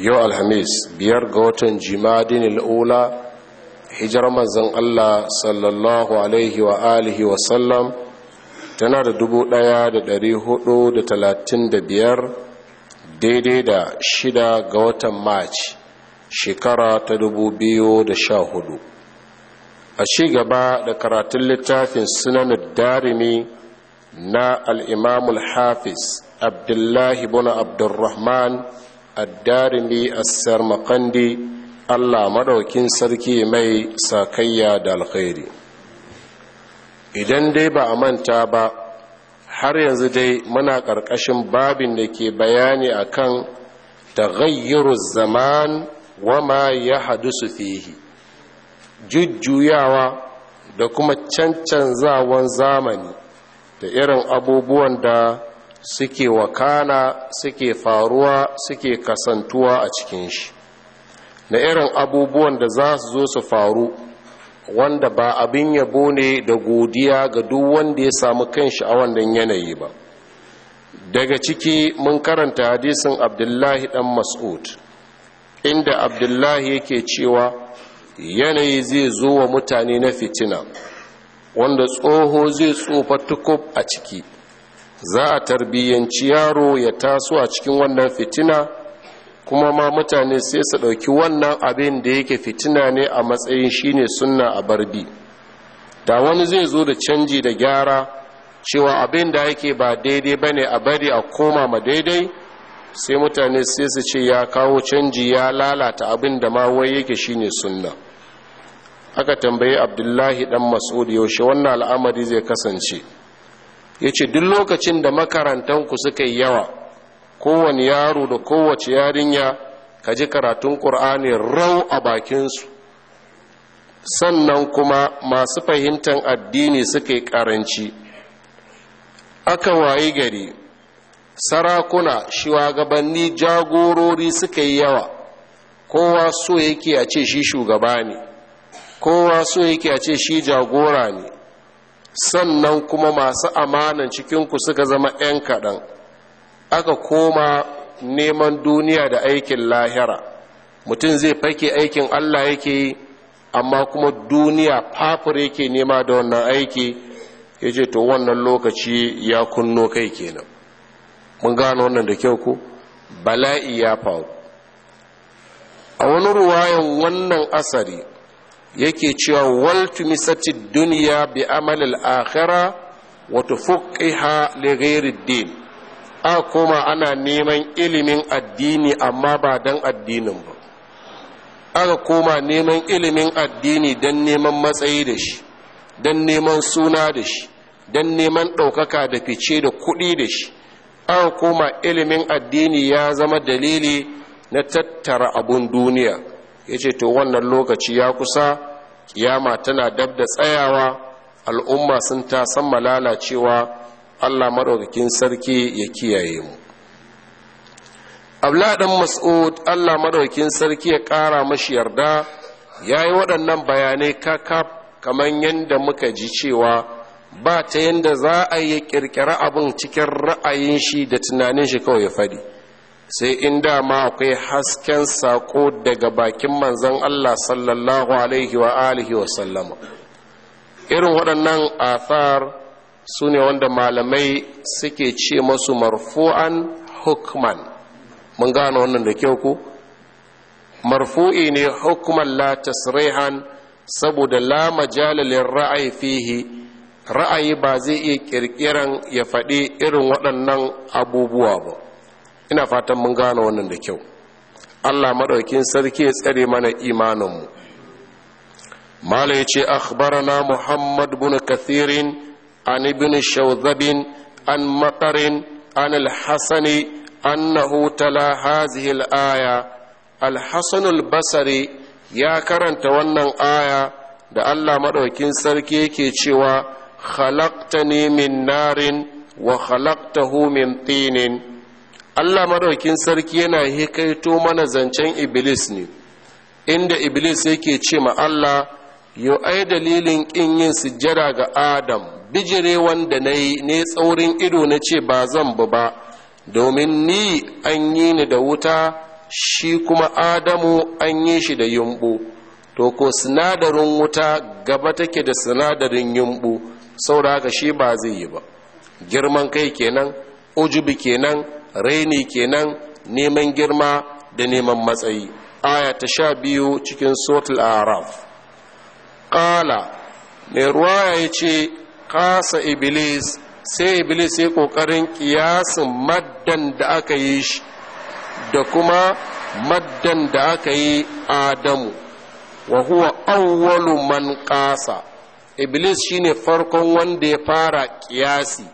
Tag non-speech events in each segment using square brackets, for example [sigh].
yau alhamis biyar ga watan jimadin al'ula hijar manzan allah sallallahu alaihi wa alihi tana da dubu ɗaya da dari hudu da talatin da biyar daidai da shida ga watan maci shekara ta dubu biyu da sha hudu a ci gaba da karatun littafin sunan darimi na al'imamul hafiz abdullahi bin abdurrahman addarimi as-sarmaqandi Allah madaukin sarki mai sakayya da alkhairi idan dai ba a manta ba har yanzu dai muna ƙarƙashin babin da ke bayani akan taghayyuru zaman wa ma ya hadusu fihi jujjuyawa da kuma cancanzawan zamani da irin abubuwan da suke wakana suke faruwa suke kasantuwa a cikin shi na irin abubuwan da za su zo su faru wanda ba abin yabo ne da godiya ga duk wanda ya samu kanshi a wannan yanayi ba daga ciki mun karanta hadisin abdullahi dan mas'ud inda abdullahi yake cewa yanayi zai zo wa mutane na fitina wanda tsoho zai tsofa tukub a ciki za a tarbiyyanci yaro ya taso a cikin wannan fitina kuma ma mutane sai su ɗauki wannan abin da yake fitina ne a matsayin shine sunna a barbi da wani zai zo da canji da gyara cewa abin da yake ba daidai ba ne a bari a koma ma daidai sai mutane sai su ce ya kawo canji ya lalata abin da ma wai yake shine sunna aka tambayi abdullahi dan masudi yaushe wannan al'amari zai kasance ya ce duk lokacin da makarantanku suka yi yawa kowane yaro da kowace yarinya ka ji karatun ƙur'ani rau a bakinsu sannan kuma masu fahimtar addini suka yi ƙaranci aka wayi gari sarakuna shugabanni jagorori suka yi yawa kowa so yake a ce shi shugaba ne kowa so yake a ce shi jagora ne sannan kuma masu amanan cikinku suka zama 'yan kaɗan aka koma neman duniya da aikin lahira mutum zai fake aikin allah yake yi amma kuma duniya fafur yake nema da wannan aiki ya ce to wannan lokaci ya kunno kai kenan mun gano wannan da kyau ku. bala'i ya faru a wani ruwayan wannan asari yake cewa wal tumisati duniya bi amal al akhirah wa tufqiha li ghairi din a kuma ana neman ilimin addini amma ba dan addinin ba aka koma neman ilimin addini dan neman matsayi da shi dan neman suna da shi don neman ɗaukaka da fice da kuɗi da shi aka koma ilimin addini ya zama dalili na tattara abun duniya yace to wannan lokaci ya kusa kiyama tana dab da tsayawa al'umma sun ta san malalacewa allah maɗaukakin sarki ya kiyaye mu abladan mas'ud allah maɗaukakin sarki ya ƙara mashi yarda ya yi waɗannan bayanai kakaf kamar yadda muka ji cewa ba ta yadda za a yi ƙirƙira abin cikin ra'ayin shi da tunanin shi kawai ya faɗi sai in dama akwai hasken sako daga bakin manzon Allah sallallahu alaihi wa alihi wa sallama irin waɗannan athar su ne wanda malamai suke ce masu marfu'an hukman mun gano wannan da kyau ku marfu'i ne hukman la tasrihan saboda la majalalin ra'ayi fihi ra'ayi ba zai iya kirkiran ya faɗi irin waɗannan abubuwa ba ina fatan mun gane wannan da kyau allah maɗaukin sarki ya tsare mana imaninmu mala ya ce akhbarana muhammad bin kathirin an ibn shawzabin an makarin an alhassani annahu tala hazihi al'aya alhassan albasari ya karanta wannan aya da allah maɗaukin sarki yake cewa khalaqtani min narin wa khalaqtahu min tinin Allah madaukin sarki yana hikaito mana zancen Iblis ne inda Iblis yake ce ma Allah yo ai dalilin kin yin sujjada ga Adam bijire wanda na yi ne tsaurin ido na ce ba zan bu ba domin ni an yi ni da wuta shi kuma Adamu an yi shi da yumbu to ko sinadarin wuta gaba take da sinadarin yumbu saura ga shi ba zai yi ba girman kai kenan ujubi kenan raini kenan neman girma da neman matsayi aya ta sha biyu cikin sotul araf ƙala mai ruwa ya ce kasa iblis sai iblis ya ƙoƙarin ƙiyasin maddan da aka yi shi da kuma maddan da aka yi adamu wa huwa awwalu man ƙasa iblis shine farkon wanda ya fara ƙiyasi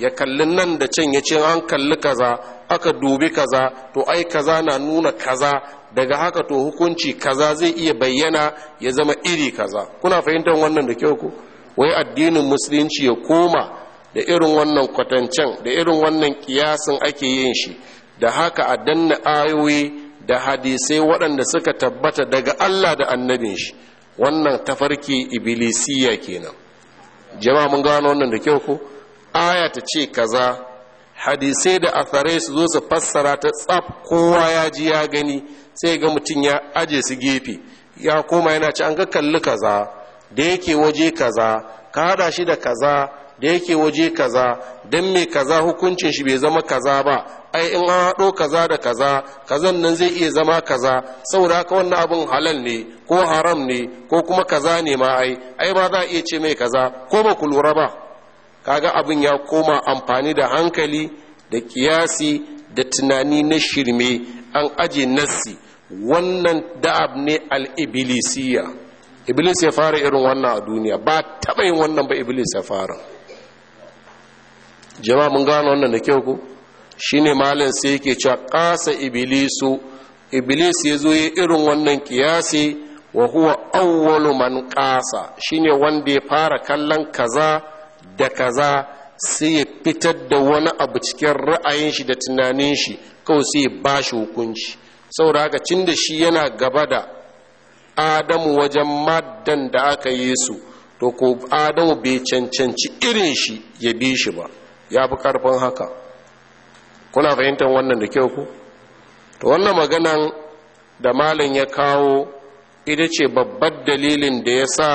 ya kalli nan da can ya ce an kalli kaza aka dubi kaza to ai kaza na nuna kaza daga haka to hukunci kaza zai iya bayyana ya zama iri kaza kuna fahimtar wannan da kyau ko wai addinin musulunci ya koma da irin wannan kwatancen da irin wannan kiyasin ake yin shi da haka a danna ayoyi da hadisai waɗanda suka tabbata daga Allah da annabin shi wannan tafarki ibilisiya kenan jama'a mun gano wannan da kyau ko aya ta ce kaza hadisai da atharai su zo su fassara ta tsaf kowa ya ji ya gani sai ga mutum ya aje su gefe ya koma yana ci an ga kalli kaza da yake waje kaza ka hada shi da kaza da yake waje kaza don mai kaza hukuncin shi bai zama kaza ba ai in an haɗo kaza da kaza kazan nan zai iya zama kaza saboda haka wannan abin halal ne ko haram ne ko kuma kaza ne ma ai ai ba za a iya ce mai kaza ko ba ku lura ba kaga abin ya koma amfani da hankali da kiyasi da tunani na shirme an aje nassi wannan da'ab ne al-ibilisiya iblis ya fara irin wannan a duniya ba taba yin wannan ba iblis ya fara jama'a mun gano wannan da kyau ko shine malam sai yake cewa ƙasa iblisu iblis ya zo irin wannan kiyasi wa huwa awwalu man ƙasa shine wanda ya fara kallon kaza da kaza sai ya fitar da wani abu cikin ra'ayin shi da tunanin shi kawai sai ya ba shi hukunci saboda haka cin da shi yana gaba da adamu wajen maddan da aka yi su to ko adamu bai cancanci irin shi ya bi shi ba ya fi karfin haka kuna fahimtar wannan da kyau ku to wannan maganan da malin ya kawo ita ce babbar dalilin da ya sa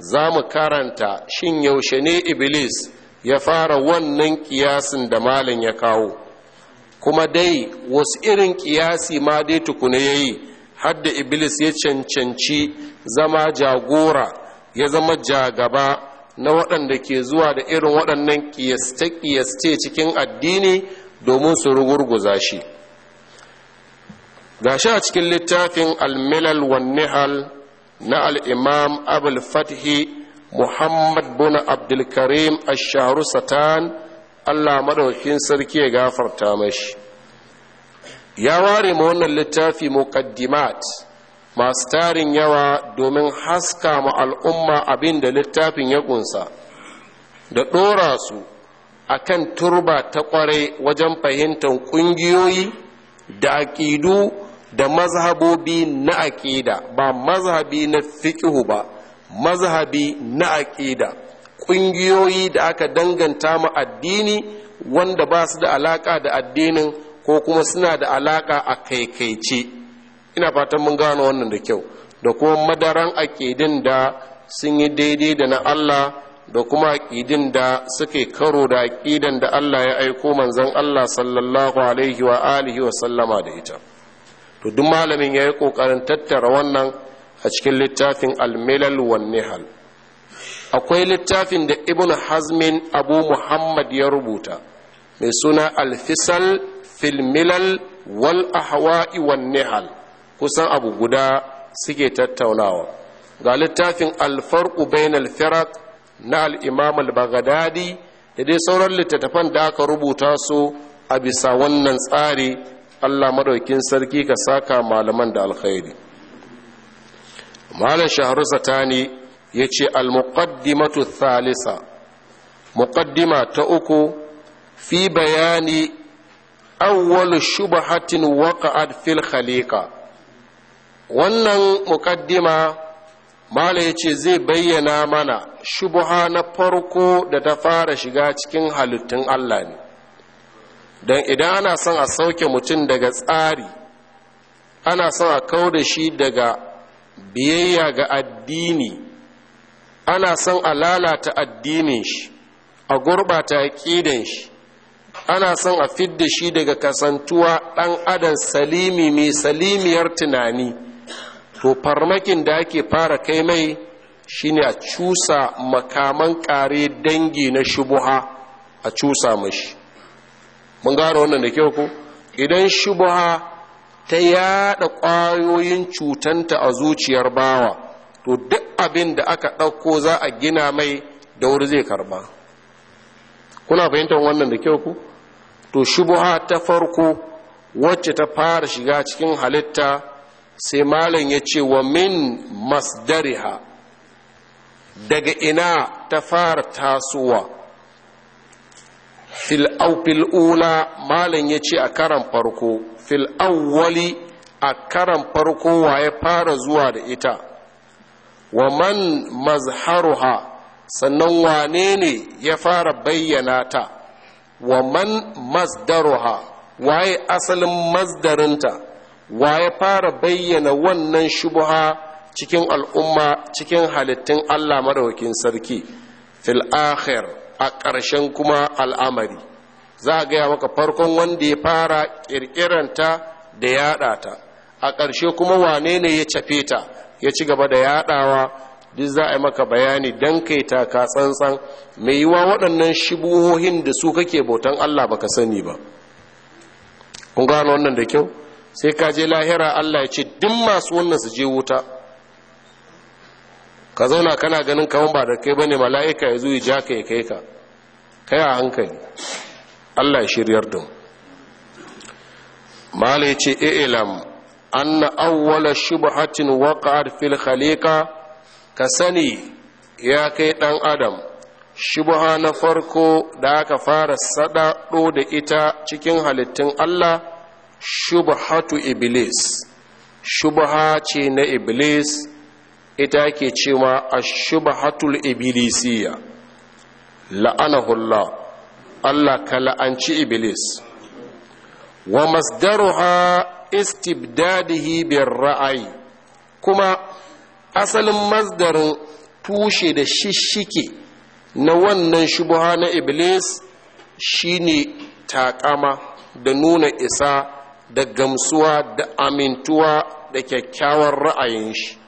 za mu karanta shin yaushe ne iblis ya fara wannan kiyasin da malin ya kawo kuma dai wasu irin kiyasi ma dai tukuna ya yi hadda iblis ya cancanci zama jagora ya zama jagaba na waɗanda ke zuwa da irin waɗannan kiyaste-kiyaste cikin addini domin su rugurguza shi gashi a cikin littafin almilal wan nihal na al'imam abul fathi muhammad bin abdulkarim asharu satan allah madaukin sarki ya gafarta mashi ya ware ma wannan littafi muqaddimat masu tarin yawa domin haska ma al'umma abin da littafin ya kunsa da ɗora su a kan turba ta ƙwarai wajen fahimtar ƙungiyoyi da aƙidu da mazhabobi na aƙida ba mazhabi na fiƙihu ba mazhabi na aƙida ƙungiyoyi da aka danganta ma addini wanda ba su da alaƙa da addinin ko kuma suna da alaƙa a kaikaice ina fatan mun gano wannan da kyau da kuma madaran aƙidin da sun yi daidai da na Allah da kuma aƙidin da suke karo da aƙidan da Allah ya aiko manzon Allah sallallahu alaihi wa alihi wa sallama da ita to duk malamin ya yi ƙoƙarin tattara wannan a cikin littafin almilal wa nihal akwai littafin da ibn hazmin abu muhammad ya rubuta mai suna alfisal filmilal wal ahwa'i wa nihal kusan abu guda suke tattaunawa ga littafin alfarku bainal firak na al'imam al-baghdadi da dai sauran littattafan da aka rubuta su a bisa wannan tsari allah maɗaukin sarki ka saka malaman da alkhairi malam shaharu satani ya ce almuqaddimatu thalisa muqaddima ta uku fi bayani awwal shubhatin waqa'at fil khaliqa wannan muqaddima Malam ya ce zai bayyana mana shubuha na farko da ta fara shiga cikin halittun allah ne don idan ana son a sauke mutum daga tsari ana son a kau da shi daga biyayya ga addini ana son a lalata addinin shi a gurbata aƙidan shi ana son a fidda shi daga kasantuwa ɗan adam salimi mai salimiyar tunani to farmakin da ake fara kai mai shine a cusa makaman ƙare dangi na shubuha a cusa mashi mun gara wannan da kyau ko idan shubha ta yada kwayoyin cutanta a zuciyar bawa to duk abin da aka ɗauko za a gina mai da wuri zai karba kuna fahimtar wannan da kyau ku to shubha ta farko wacce ta fara shiga cikin halitta sai malam ya ce wa min masdariha daga ina ta fara tasowa fil ula malam ya ce a karan farko fil awwali a karan farko waye fara zuwa da ita wa man mazharuha sannan wane ne ya fara bayyana ta wa man masdaruha waye asalin masdarinta waye fara bayyana wannan shubuha cikin al'umma cikin halittun allah madawakin sarki fil akhir a ƙarshen kuma al'amari za a gaya maka farkon wanda ya fara ƙirƙiranta da yaɗa ta a ƙarshe kuma wane ne ya cafe ta ya ci gaba da yaɗawa duk za a yi maka bayani don kai taka tsantsan mai yiwa waɗannan shibuhohin da su kake bautan allah baka sani ba kun gano wannan da kyau sai ka je lahira allah ya ce duk masu wannan su je wuta ka zauna kana ganin kaman ba da kai bane mala'ika ya zuwa ya ja ka ya kai ka kai a hankali Allah ya shiryar da mala ya ce ilam anna awwala shubhatin waqa'at fil khaliqa ka sani ya kai dan adam shubha na farko da aka fara sadado da ita cikin halittun Allah shubhatu iblis shubha ce na iblis ita yake cewa a shubhatul ibilisiya la'anahullah Allah ka la'anci iblis wa masdaruha istibdadihi bir ra'ayi kuma asalin masdarin tushe da shishike na wannan shubuha na iblis shine taƙama da nuna isa da gamsuwa da amintuwa da kyakkyawar ra'ayin shi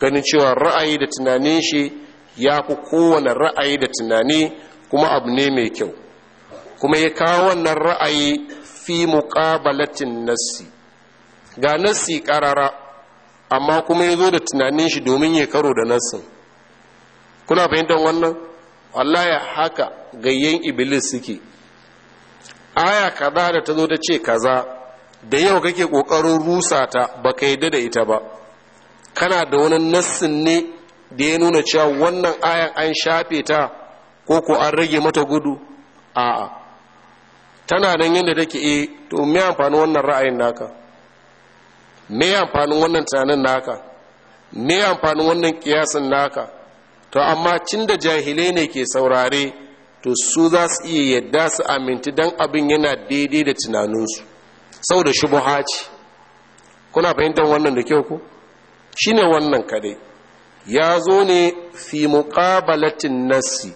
ganin cewa ra'ayi da tunanin shi ya fi kowane ra'ayi da tunani kuma abu ne mai kyau kuma ya kawo wannan ra'ayi fi muƙabalatin nassi ga nassi ƙarara amma kuma ya zo da tunanin shi domin ya karo da nassin kuna fahimtar wannan Allah ya haka gayyen iblis suke aya kaza da ta zo ta ce kaza da yau kake ƙoƙarin rusa ta baka yi da ita ba kana da wani nassin ne da ya nuna cewa wannan ayan an shafe ta ko ko an rage mata gudu a'a tana nan yadda take e to me amfanin wannan ra'ayin naka me amfanin wannan tunanin naka me amfanin wannan kiyasin naka to amma cin da jahilai ne ke saurare to su za su iya yadda su aminti don abin yana daidai da tunaninsu sau da shubuha ce kuna fahimtar wannan da kyau ku shine wannan kadai ya zo ne fi muqabalatin nassi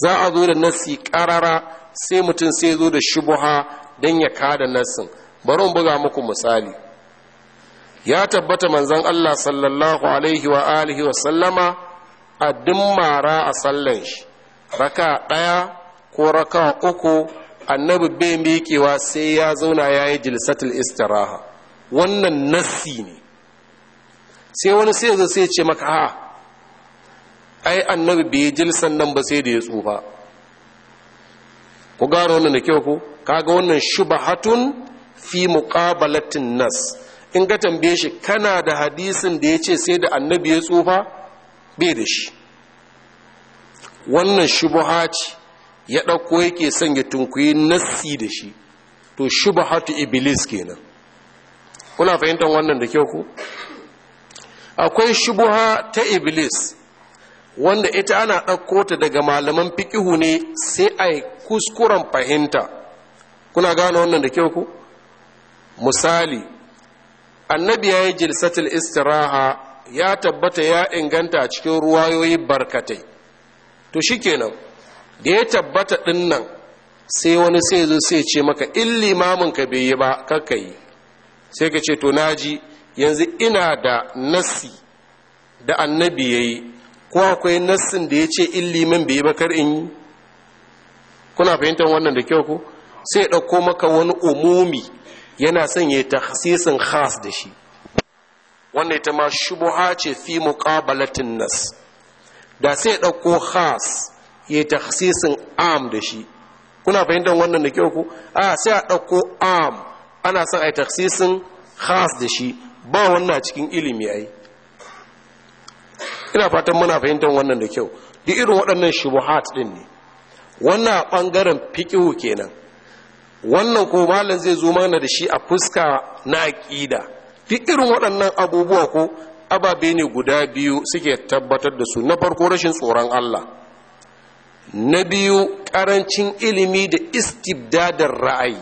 za a zo da nassi karara sai mutum sai zo da shubuha don ya kada nassin bari buga muku misali ya tabbata manzon Allah sallallahu alaihi wa alihi wa sallama a dimmara a sallan shi raka ɗaya ko raka uku annabi bai miƙewa sai ya zauna ya yi jilsatul istiraha wannan nassi ne sai wani sai zai sai ce maka a ai annabi bai jilsan nan ba sai da ya tsufa ku gano wannan da kyau ko kaga wannan shubahatun fi muqabalatin nas in ka tambaye shi kana da hadisin da ya ce sai da annabi ya tsufa bai da shi wannan shubuha ce ya ɗauko yake son ya tunkuyi nassi da shi to shubahatu iblis kenan kuna fahimtar wannan da kyau ku akwai shubuha ta iblis wanda ita ana ɗauko ta daga malaman fikihu ne sai a yi kuskuren fahimta kuna gane wannan da kyau ku misali annabi ya yi jilsatil istiraha ya tabbata ya inganta a cikin ruwayoyi barkatai to shikenan da ya tabbata ɗinnan sai wani sai zo sai ce maka in limamin ka bai yi ba kakka yi sai ka ce to naji yanzu ina da nassi da annabi ya yi ko akwai nassin da ya ce in liman bai yi bakar in yi kuna fahimtar wannan da kyau ko sai ɗauko maka wani umumi yana son ya yi tahsisin khas da shi wannan ita ma shubuha ce fi muqabalatin nas da sai ɗauko khas ya yi tahsisin am da shi kuna fahimtar wannan da kyau ko a sai a ɗauko am ana son a yi tahsisin khas da shi ba wannan cikin ilimi ai ina fatan muna fahimtar wannan da kyau duk irin waɗannan shubuhat din ne wannan ɓangaren fiƙihu kenan wannan ko malam zai zo mana da shi a fuska na aƙida duk irin waɗannan abubuwa ko ababe ne guda biyu suke tabbatar da su na farko rashin tsoron Allah na biyu ƙarancin ilimi da istibdadar ra'ayi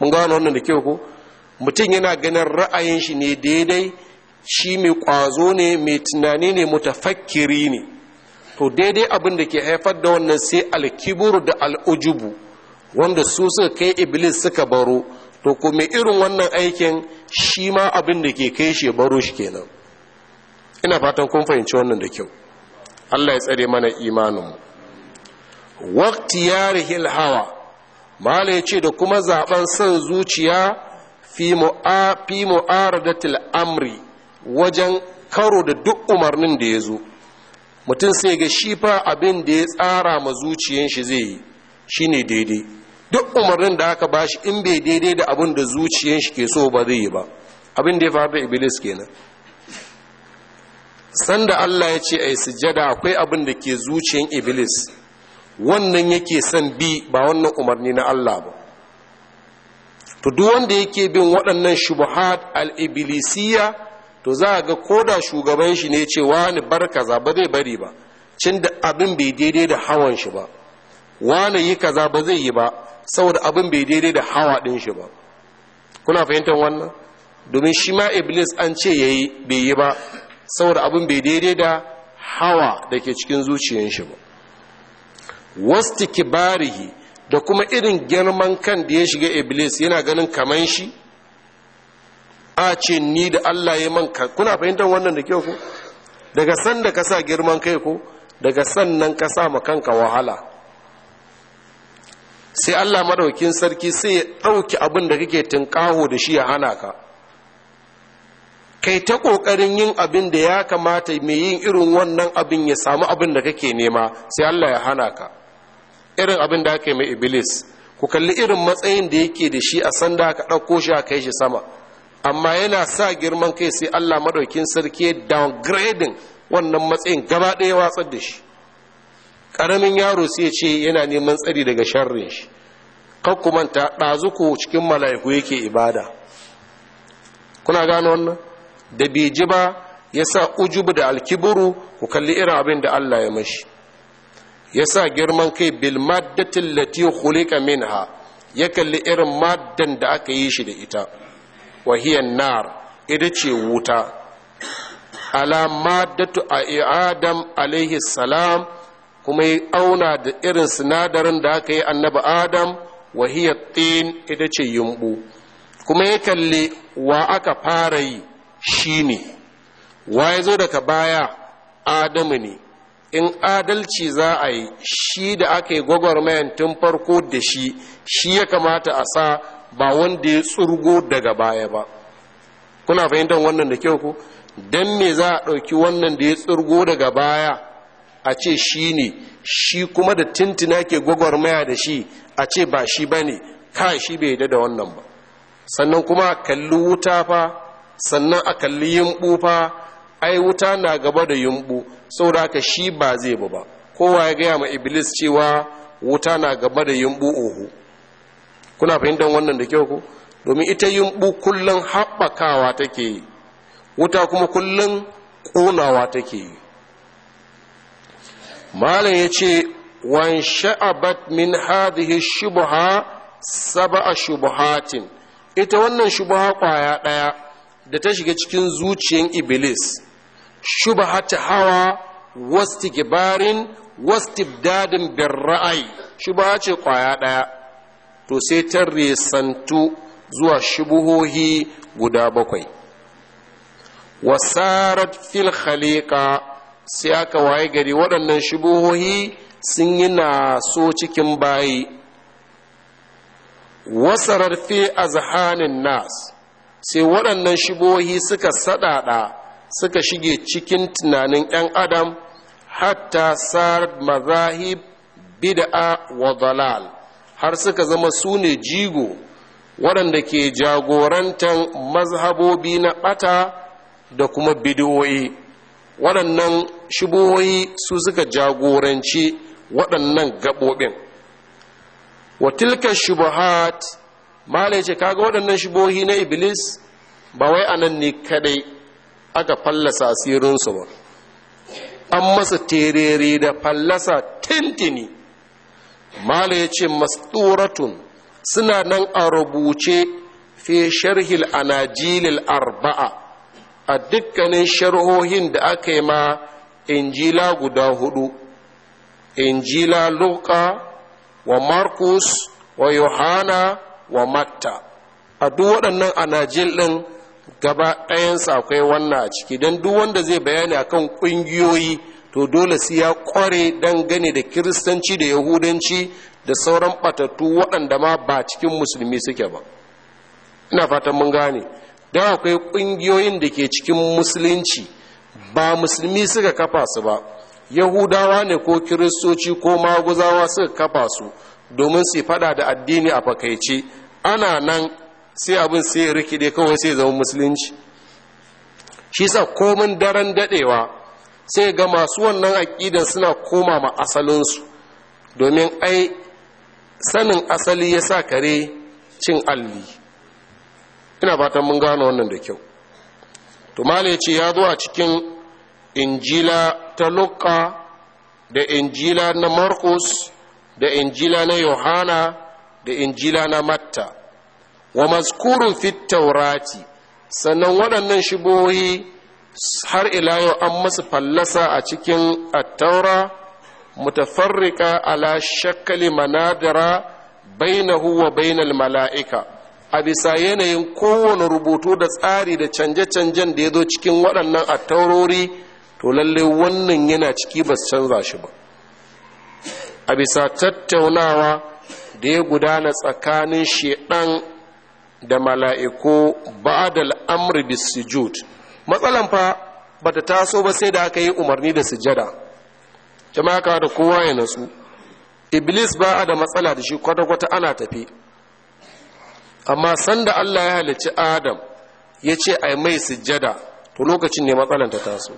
mun gano wannan da kyau ko mutum yana ganin ra'ayin shi ne daidai shi mai kwazo ne mai tunani ne mutafakkiri ne to daidai abin da ke haifar da wannan sai alkiburu da al'ujubu wanda su suka kai iblis suka baro to kuma irin wannan aikin shi ma abin da ke kai shi baro shi kenan ina fatan kun fahimci wannan da kyau Allah ya tsare mana imaninmu waqtiyarihil hawa malai ce da kuma zaben son zuciya fi mu'aradatil amri wajen karo da duk umarnin da ya zo mutum sai ga shi fa abin da ya tsara ma zuciyan shi zai yi shine daidai duk umarnin da aka bashi in bai daidai da abin da zuciyan shi ke so ba zai yi ba abin da ya faru da iblis kenan sanda Allah ya ce a ai sujada akwai abin da ke zuciyan iblis wannan yake son bi ba wannan umarni na Allah ba to duk wanda yake bin waɗannan shubuhat al iblisiyya to za a ga koda shugaban shi ne ce wani bar kaza ba zai bari ba cin da abin bai daidai da hawan shi ba wani yi kaza ba zai yi ba saboda abin bai daidai da hawa din shi ba kuna fahimtar wannan domin shi ma iblis an ce yayi bai yi ba saboda abin bai daidai da hawa da ke cikin zuciyar shi ba Wastiki kibarihi da kuma irin girman kan da ya shiga iblis yana ganin kaman shi a ce ni da allah ya man kuna fahimtar wannan da kyau ko daga san ka sa girman kai ko daga sannan ka sa kanka wahala sai allah maɗaukin sarki sai ya ɗauki abin da kake tunƙaho da shi ya hana ka kai ta ƙoƙarin yin abin da ya kamata mai yin irin wannan abin ya samu abin da kake nema sai allah ya hana ka irin abin da aka yi mai iblis ku kalli irin matsayin da yake da shi a sanda aka ɗauko shi a kai shi sama amma yana sa girman kai sai allah maɗaukin sarki downgrading wannan matsayin gaba ɗaya watsar da shi ƙaramin yaro sai ce yana neman tsari daga sharrin shi kan ku manta ɗazu ku cikin mala'iku yake ibada kuna gano wannan da bai ji ba ya sa ujubu da alkiburu ku kalli irin abin da allah ya mashi ya sa girman kai bil maddatin lati khuliqa minha ya kalli irin maddan da aka yi shi da ita wa hiya nar ita ce wuta ala maddatu a adam alaihi salam kuma ya auna da irin sinadarin da aka yi annabi adam wa hiya tin ita ce yumbu kuma ya kalli wa aka fara yi shi ne, wa ya zo daga baya adamu ne in adalci za a yi shi da aka yi gwagwarmayan tun farko da shi shi ya kamata a sa ba wanda ya tsurgo daga baya ba kuna fahimtar wannan da kyau ku don me za a ɗauki wannan da ya tsurgo daga baya a ce shi ne shi kuma da tintina ke gwagwarmaya da shi a ce ba shi ba ne ka shi bai da wannan ba sannan kuma a kalli wuta fa sannan a kalli yumɓu fa ai wuta na gaba da yumɓu saboda haka shi ba zai ba ba kowa ya gaya ma iblis cewa wuta na gaba da yumbu ohu kuna fahimtar wannan da kyau ko domin ita yumbu kullum haɓakawa take yi wuta kuma kullum ƙonawa take yi malam ya ce wan sha'abat min hadhihi shubha sab'a shubuhatin ita wannan shubha kwaya ɗaya da ta shiga cikin zuciyar iblis shubahata hawa wasti gibarin wasti dadin bin ra'ayi shubaha ce kwaya ɗaya to sai ta resantu zuwa shubuhohi guda bakwai wasarat fil khaliqa sai aka waye gari waɗannan shubuhohi sun yi naso cikin bayi wasarar fi azhanin nas sai waɗannan shubuhohi suka saɗaɗa suka shige cikin tunanin 'yan adam hatta sar mazahib bid'a wa dalal har suka zama su ne jigo waɗanda ke jagorantar mazhabobi na ɓata da kuma bidiyoyi waɗannan shiboyi su suka jagoranci waɗannan gaɓoɓin watilka shubahat mala ce kaga waɗannan shibohi na iblis ba wai nan ne kadai aka fallasa asirinsu ba an masa terere da fallasa tintini mala ya ce masturatun suna nan a rubuce fi sharhil anajilil arba'a a dukkanin sharhohin da aka yi ma injila guda hudu injila luka wa markus wa yohana wa matta a duk waɗannan anajil ɗin gaba ɗayansa akwai wannan a ciki don duk wanda zai bayani akan ƙungiyoyi to dole sai ya ƙware dangane da kiristanci da yahudanci da sauran ɓatattu waɗanda ma ba cikin musulmi suke ba ina fatan mun gane don akwai ƙungiyoyin da ke cikin musulunci ba musulmi suka kafa su ba yahudawa ne ko kiristoci ko maguzawa suka kafa su domin su faɗa da addini a fakaice ana nan sai abin sai rikide kawai sai zama musulunci shi sa komin daren dadewa sai ga masu wannan aƙidan suna koma ma asalinsu domin ai sanin asali ya sa kare cin alli ina fatan mun gano wannan da kyau tumali ya ce ya zo a cikin injila ta lukka da injila na markus da injila na yohana da injila na matta wa mazkurun fi taurati sannan waɗannan shibohi har ila yau an masu fallasa a cikin attaura mutafarrika ala shakkali manadara bainahu wa bainal mala'ika a bisa yanayin kowane rubutu da tsari da canje-canjen da ya zo cikin waɗannan attaurori to lallai wannan yana ciki ba su canza shi ba a bisa tattaunawa da ya gudana tsakanin shedan da mala'iku ba da al'amri bis sujud matsalan fa ba ta taso ba sai da aka yi umarni da sujada jama'a da kowa ya nasu iblis ba a da matsala da shi kwata-kwata ana tafi amma sanda Allah ya halicci Adam ya ce ai mai sujada to lokacin ne matsalan ta taso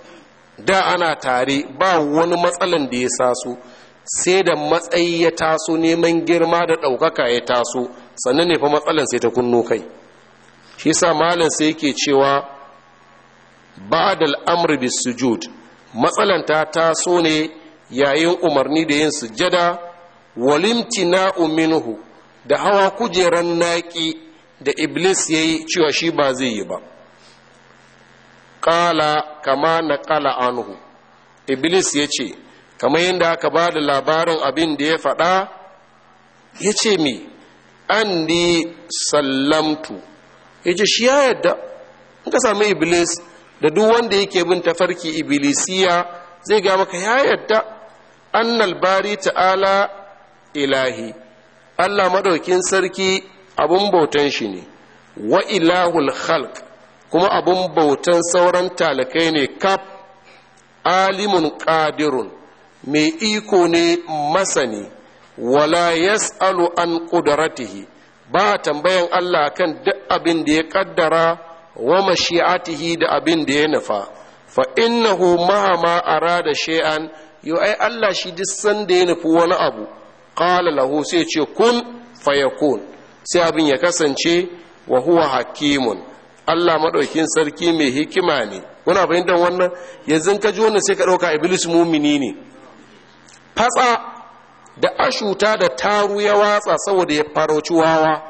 da ana tare ba wani matsalan da ya saso sai da matsayi ya taso neman girma da ɗaukaka ya taso sannan ne fa matsalan sai ta kunno kai shi sa malam sai yake cewa ba'dal amri bis sujud matsalan ta taso ne yayin umarni da yin sujjada na minhu da hawa kujeran naki da iblis yayi cewa shi ba zai yi ba ƙala kama Kala anhu iblis ya yace kamar yadda aka ba da labarin abin da ya faɗa ya ce me anni sallamtu yace shi ya yadda in ka sami iblis da duk wanda yake bin tafarki iblisiya zai ga maka ya yadda annal bari ta'ala ilahi Allah madaukin sarki abun bautan shi ne wa ilahul khalq kuma abun bautan sauran talakai ne kaf alimun qadirun mai iko ne masani wala yas'alu an qudratihi ba tambayan Allah kan duk abin da ya kaddara wa mashi'atihi da abin da ya nufa fa innahu ma arada shay'an yo ai Allah shi duk san da ya nufi wani abu qala lahu sai ce kun fayakun sai abin ya kasance wa huwa hakimun Allah madaukin sarki mai hikima ne kuna fahimtar wannan yanzu ka ji wannan sai ka dauka iblis mumini ne fatsa da ashuta da taru ya watsa saboda ya farauci wawa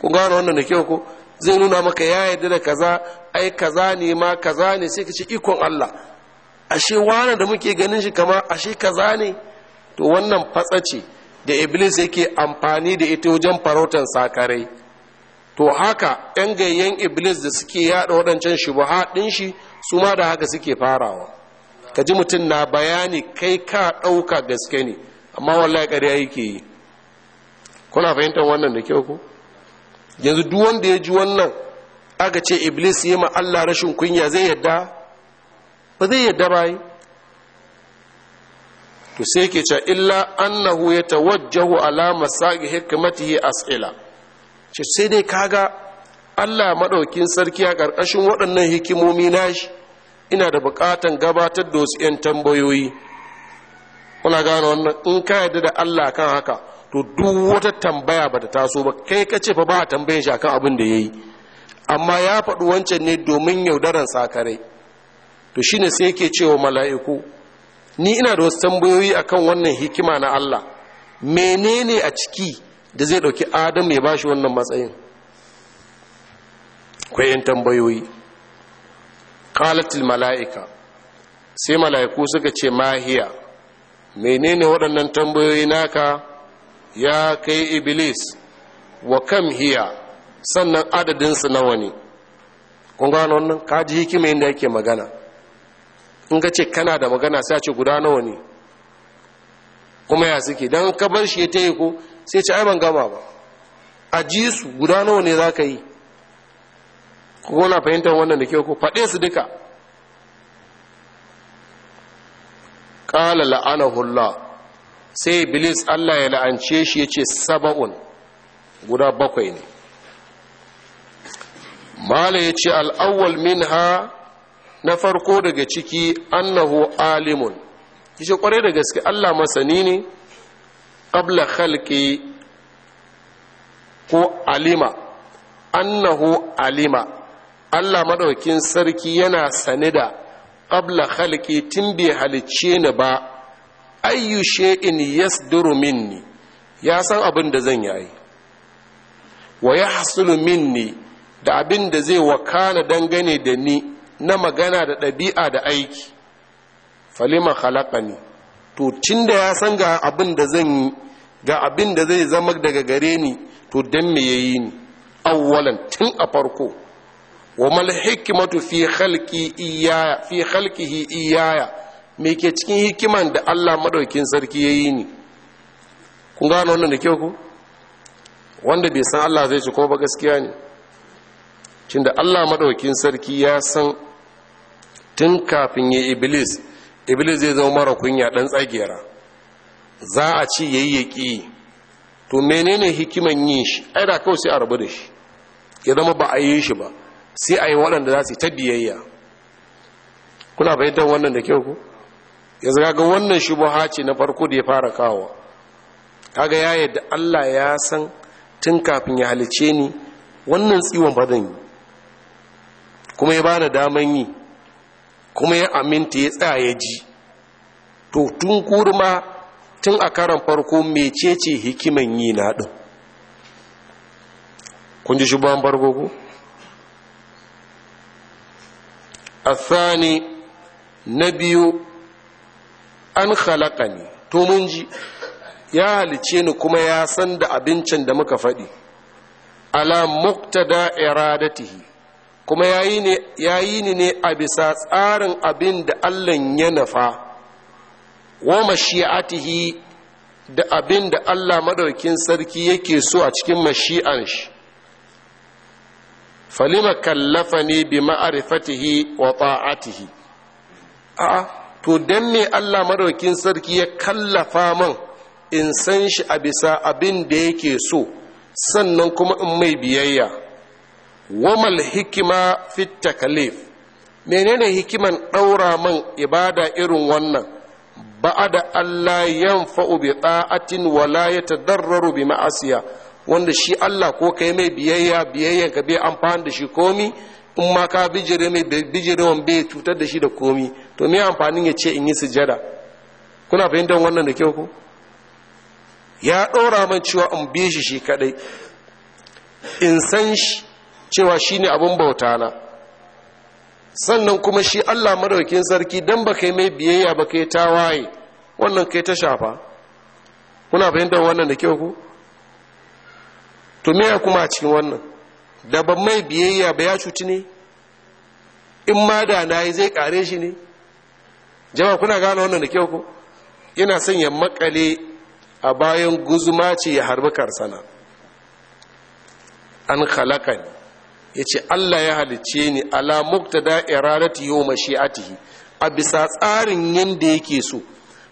ku gano wannan da kyau ko zai nuna maka ya yarda da kaza ai kaza ne ma kaza ne sai ka ce ikon Allah ashe wani da muke ganin shi kama ashe kaza ne to wannan fatsa ce da iblis yake amfani da ita wajen farautar sakarai to haka yan gayyen iblis da suke yada waɗancan shi ba ɗin shi su ma da haka suke farawa ka ji mutum na bayani kai ka ɗauka gaske ne amma wallahi ƙarya yake yi kuna fahimtar wannan da kyau ku yanzu duk wanda ya ji wannan aka ce iblis yi ma Allah rashin kunya zai yadda ba zai yadda ba yi to sai ke ce illa annahu ya tawajjahu ala masaqi hikmatihi as'ila ce sai dai kaga Allah madaukin sarki a karkashin waɗannan hikimomi nashi ina da buƙatan gabatar da wasu 'yan tambayoyi kuna gane wannan in ka yarda da Allah kan haka to duk wata tambaya bata taso ba kai ka ce fa ba tambayin shi akan abin da yayi amma ya faɗi wancan ne domin yaudaran sakare to shine sai yake cewa mala'iku ni ina da wasu tambayoyi akan wannan hikima na Allah menene a ciki da zai ɗauki adam ya bashi wannan matsayin kwayan tambayoyi qalatil mala'ika sai mala'iku suka ce mahiya menene waɗannan tambayoyi naka ya kai iblis wa kam hiya sannan adadinsu nawa ne kun gano wannan kaji hikima inda yake magana in ka ce kana da magana sai a ce guda nawa ne kuma ya suke don ka bar shi ya ta yi ko sai ce ai ban gama ba a ji su guda nawa ne za ka yi Kuma na fahimtar wannan da kyau ko faɗe su duka la'ana hulla sai iblis Allah ya la'ance shi yace saba'un guda bakwai ne mala yace al-awwal minha na farko daga ciki annahu alimun yace kwarai da gaske Allah masani ne qabla khalqi ko alima annahu alima Allah madaukin sarki yana sane da qabla khalqi tun bai halicce ni ba ayyu shay'in yasduru minni ya san abin da zan yi wa yahsulu minni da abin da zai wakana dangane da ni na magana da ɗabi'a da aiki falima khalaqani to tun ya san ga abin da zan yi ga abin da zai zama daga gare ni to dan me yayi ni awwalan tun a farko wa hikimatu hikmatu fi khalqi iyaya fi khalqihi iyaya me ke cikin hikiman da Allah madaukin sarki yayi ni kun gano wannan da kyau ko wanda bai san Allah zai ci ko ba gaskiya ne cin da Allah madaukin sarki ya san tun kafin ya iblis iblis zai zama mara kunya dan tsagera za a ci yayi yaki to menene hikiman yin shi ai da kawai sai a rabu da shi ya zama ba a yi shi ba sai a yi waɗanda za su ta biyayya kuna fahimtar wannan da kyau ku yanzu kaga wannan shubuha ce na farko da ya fara kawo kaga ya yadda Allah ya san tun kafin ya halice ni wannan tsiwon ba yi kuma ya bani daman yi kuma ya aminta ya tsaya ya ji to tun kurma tun a karan farko mecece hikiman yi na ɗin kun ji shubuhan farko ku الثاني نبي an khalaqani to mun ji ya halice ni kuma ya san da abincin da muka faɗi ala muktada iradatihi kuma ya yi ni ne a bisa tsarin abin da allah ya nafa wa mashi'atihi da abin da allah madaukin sarki yake so a cikin mashi'an shi falima kallafani bi ma'arifatihi wa ta'atihi a to dan ne Allah madaukin sarki ya kallafa man in san shi a bisa abin da yake so sannan kuma in mai biyayya wamal hikima fit takalif menene hikiman ɗaura man ibada irin wannan ba'a da Allah yanfa'u bi ta'atin wala yatadarraru bi ma'asiya wanda shi Allah ko kai mai biyayya biyayyan ka bai amfani da shi komi in ma ka bijire mai bijirewan bai cutar da shi da komi to me amfanin ya ce in yi sujada kuna fahimtar wannan da kyau ko ya ɗora man cewa in bi shi shi kadai in san shi cewa shi ne abin bauta na sannan kuma shi allah madaukin sarki dan ba kai mai biyayya ba kai tawaye wannan kai ta shafa kuna fahimtar wannan da kyau ku to me ya kuma a cikin wannan da ban mai biyayya ba ya cuci ne in ma da na yi zai kare shi ne jama'a kuna gane wannan da kyau ko Ina son ya makale a bayan guzuma ce ya harbi karsana an ne ya ce allah ya halicce ni ala da iradati yau mashi'atihi a bisa tsarin yadda yake so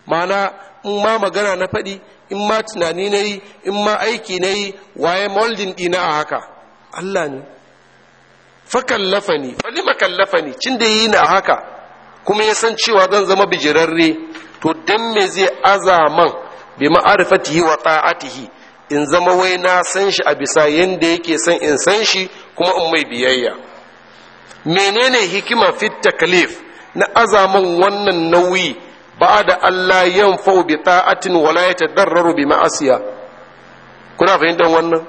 mana in ma magana na faɗi in ma tunani na yi in ma aiki na yi waye moldin ɗina a haka Allah ne fa kallafa ni fa lima kallafa ni cin da yi na haka kuma ya san cewa zan zama bijirarre to dan me zai azaman bi ma'arifatihi wa ta'atihi in zama wai na san shi a bisa yanda yake san in san shi kuma in mai biyayya menene hikima fit taklif na azaman wannan nauyi ba da Allah yan fau bi ta'atin wala ya tadarraru bi kuna fahimtar wannan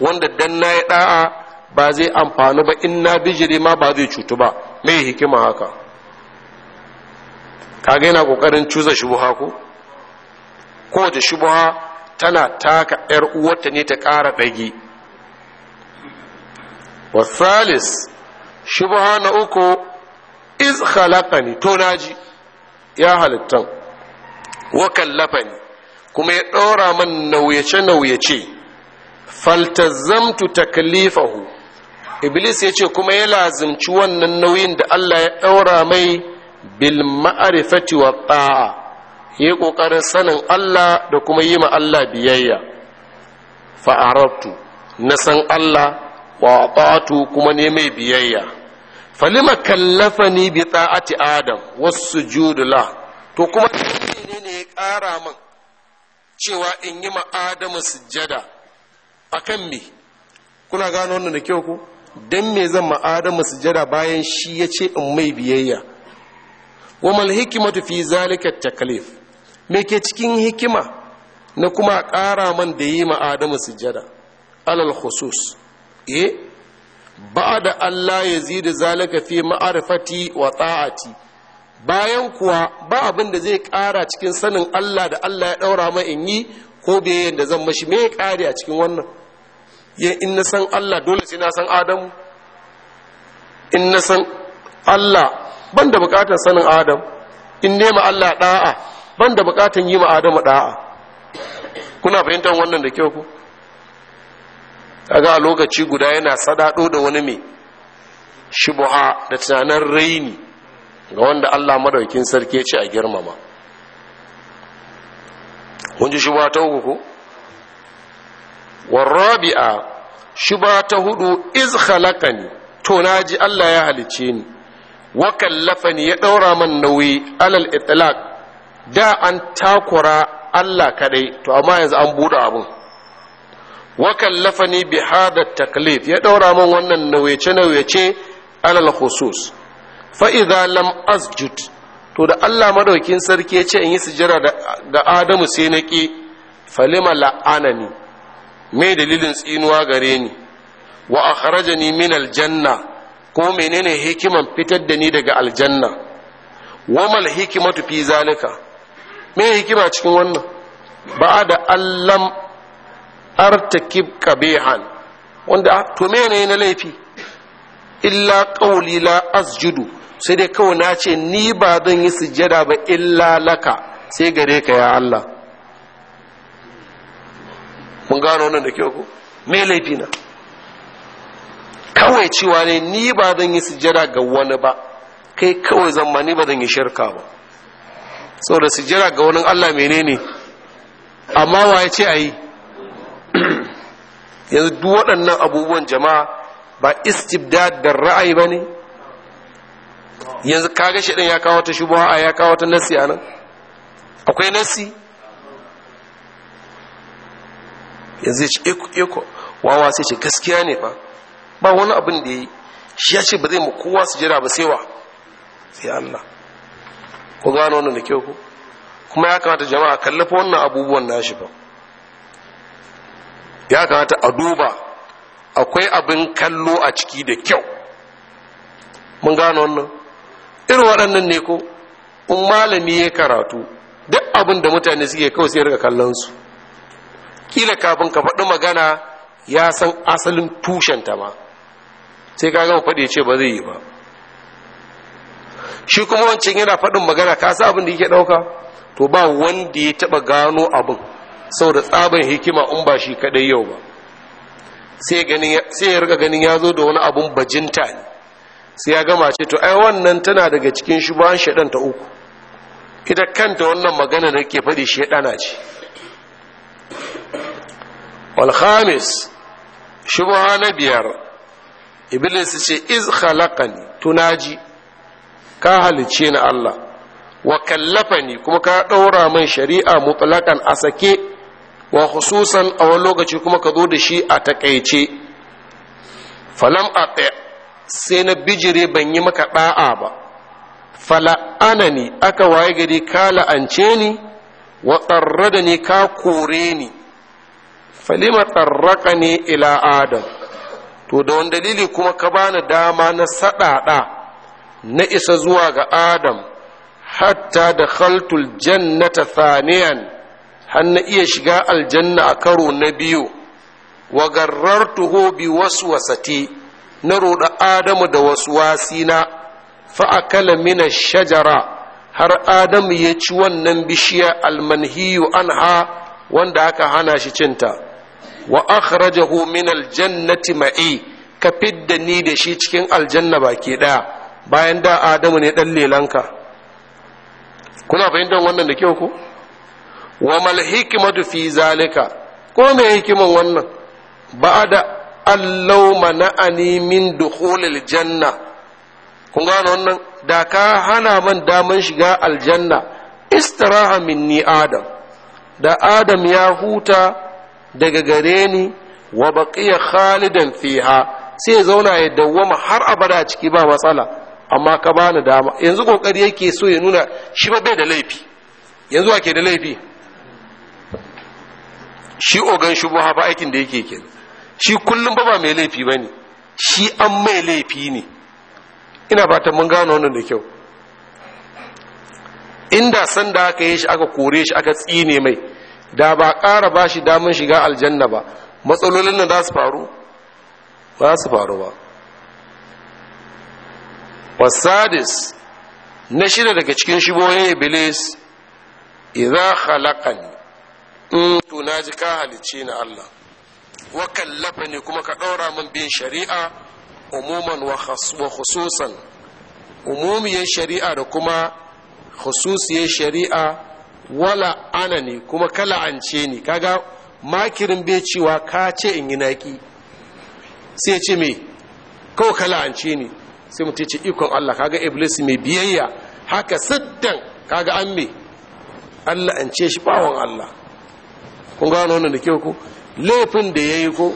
wanda dan na ya da'a ba zai amfani ba in na bijiri ma ba zai cutu ba mai hikima haka kaga yana kokarin cuza shubuha ko da shubuha tana taka yar uwarta ne ta ƙara ɗage wasalis shubuha na uku iz khalaqani to naji ya halittan wa kallafani kuma ya ɗora man nauyace-nauyace faltazamtu taklifahu iblis ya ce kuma ya lazimci wannan nauyin da allah ya ɗora mai bil ma'arifati wa ta'a ya ƙoƙarin sanin allah da kuma yi ma allah biyayya fa'arabtu na san allah wa kuma ne mai biyayya falima kallafani bi ta'ati adam wasu judula to kuma ne ne ya ƙara man cewa in yi ma adamu sujjada akan me kuna gano wannan da kyau ko dan me zan ma adamu sujada bayan shi ya ce in mai biyayya wa mal hikimatu fi zalika taklif me ke cikin hikima na kuma ƙara man da yi ma adamu sujada? alal khusus eh ba da Allah ya zida zalika fi ma'arifati wa ta'ati bayan kuwa ba abin da zai ƙara cikin sanin Allah da Allah ya ɗaura ma in yi ko biyayyen yadda zan mashi mai ya ƙare a cikin wannan ya in na san Allah dole sai na san Adamu in na san Allah ban da buƙatar sanin Adam in nema Allah ɗa'a ban da buƙatar yi ma Adamu ɗa'a kuna fahimtar wannan da kyau ku kaga a lokaci guda yana sadado da wani mai shubuha da tunanin raini ga wanda Allah madaukin sarki ya ce a girmama kun ji shubuha ta uku ko warabi'a shubuha ta hudu iz khalaqani to naji Allah ya halice ni wa kallafani ya daura man nauyi alal itlaq da an takura Allah kadai to amma yanzu an buɗe abun wa kallafani bi hada taklif ya daura min wannan nauyace nauyace alal khusus fa idza lam asjud to da Allah madaukin sarki ya ce in yi sujjara ga Adamu sai na ki falima la'anani me dalilin tsinuwa gare ni wa akhrajani min aljanna ko menene hikiman fitar da ni daga aljanna wa mal hikimatu fi zalika me hikima cikin wannan ba da allam artakib qabihan wanda to mene na laifi illa qawli la asjudu sai dai kawai na ce ni ba zan yi sujjada ba illa laka sai gare ka ya Allah mun gano wannan da kyau ko me laifi na kawai cewa ne ni ba zan yi sujjada ga wani ba kai kawai zan ma ni ba zan yi shirka ba saboda sujjada ga wani Allah menene amma wa ce ayi [clears throat] yanzu duk waɗannan abubuwan jama'a ba istibdad da ra'ayi ba ne yanzu kaga ɗin ya kawo ta shubuwa ya kawo ta nasi a nan akwai nasi yanzu ya ce iko wawa sai ce gaskiya ne ba ba wani abin da ya yi shi ya ce ba zai ma kowa su jira ba sai wa sai Allah ku gano wannan da kyau ku kuma ya kamata jama'a kallafa wannan abubuwan nashi ba ya kamata a duba akwai abin kallo a ciki da kyau mun gano wannan irin waɗannan ne ko in malami ya karatu duk abin da mutane suke kawai sai rika kallon su kila kafin ka faɗi magana ya san asalin ta ba sai ka gama faɗi ce ba zai yi ba shi kuma wancan yana faɗin magana ka sa abin da yake ɗauka to ba wanda ya taɓa gano abin Sau da tsaban hikima in ba shi kadai yau ba sai ya riga ganin ya zo da wani abun bajinta ne sai ya gama ce to ai wannan tana daga cikin ba shaɗan ta uku ita kanta wannan magana da ke faɗi shaɗana ce walhamis shubaha na biyar iblis ce iz halakani tunaji ka halicce na Allah wa kallafa ni kuma ka ɗaura man shari'a mutlaƙan a sake wa khususan a wani lokaci kuma ka zo da shi a takaice falam a sai na bijire ban yi maka ɗa'a ba fala'ana ne aka waye gari ka la'ance ni wa tsarra da ni ka kore ni falima tsarraka ne ila adam to da wani dalili kuma ka bani dama na saɗaɗa na isa zuwa ga adam hatta da khaltul jannata thaniyan har na iya shiga aljanna a karo na biyu wa garrartuhu bi wasati na roɗa adamu da wasina fa akala min shajara har adamu ya ci wannan bishiya almanhiyu anha wanda aka hana shi cinta wa akhrajahu min aljannati ma'i ka fidda ni da shi cikin aljanna baki ɗaya bayan da adamu ne ɗan lelanka kuna fahimtar wannan da kyau ko wa mal hikmatu fi zalika ko me hikiman wannan ba'ada allau ani min dukhulil janna kun ga wannan da ka hana man daman shiga aljanna istiraha minni adam da adam ya huta daga gare ni wa baqiya khalidan fiha sai ya zauna ya dawwama har abada ciki ba matsala amma ka bani dama yanzu kokari yake so ya nuna shi ba bai da laifi yanzu ake da laifi shi ogan shubuha ba aikin da yake ke shi kullum ba ba mai laifi ba ne shi an mai laifi ne ina fatan mun gano wannan da kyau inda sanda aka yi shi aka kore shi aka tsine mai da ba ƙara ba shi damun shiga aljanna ba matsalolin nan za su faru ba su faru ba wasadis na shida daga cikin shibohin iblis idza khalaqani Mm. to na ji ka halicce na Allah wa kallafa ne kuma ka ɗaura min bin shari'a umuman wa khususan umumiyar shari'a da kuma khususiyar shari'a wala ana ne kuma kala an ce ne kaga makirin bai cewa ka ce in yi naki sai ce me kawai ce ne sai mutum ce ikon Allah kaga iblis mai biyayya haka siddan kaga an me Allah an ce shi bawon Allah kun gano wannan da kyau ko laifin da ya yi ko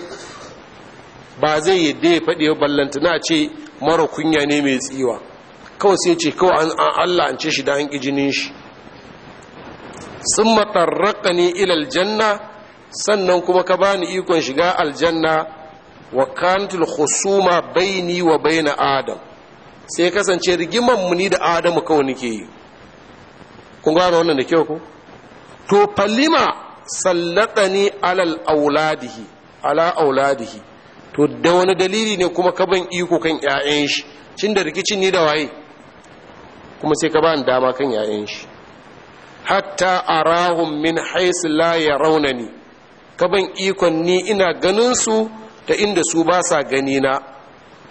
ba zai yi ya faɗi ya ballanta na ce mara kunya ne mai tsiwa kawai sai ce kawai an Allah an ce shi da an ƙi jinin shi sun matarraka ne ilal janna sannan kuma ka bani ikon shiga aljanna wa kantul husuma baini wa baina adam sai kasance rigiman mu ni da adamu kawai nake yi kun gano wannan da kyau ko to falima sallakani alal auladihi ala auladihi to da wani dalili ne kuma ka iko kan ƴaƴan shi cin da rikicin ne da waye kuma sai ka ba dama kan ƴaƴan shi hatta arahum min hais la yarawni kaban ikon ni ina ganin su ta inda su ba sa gani na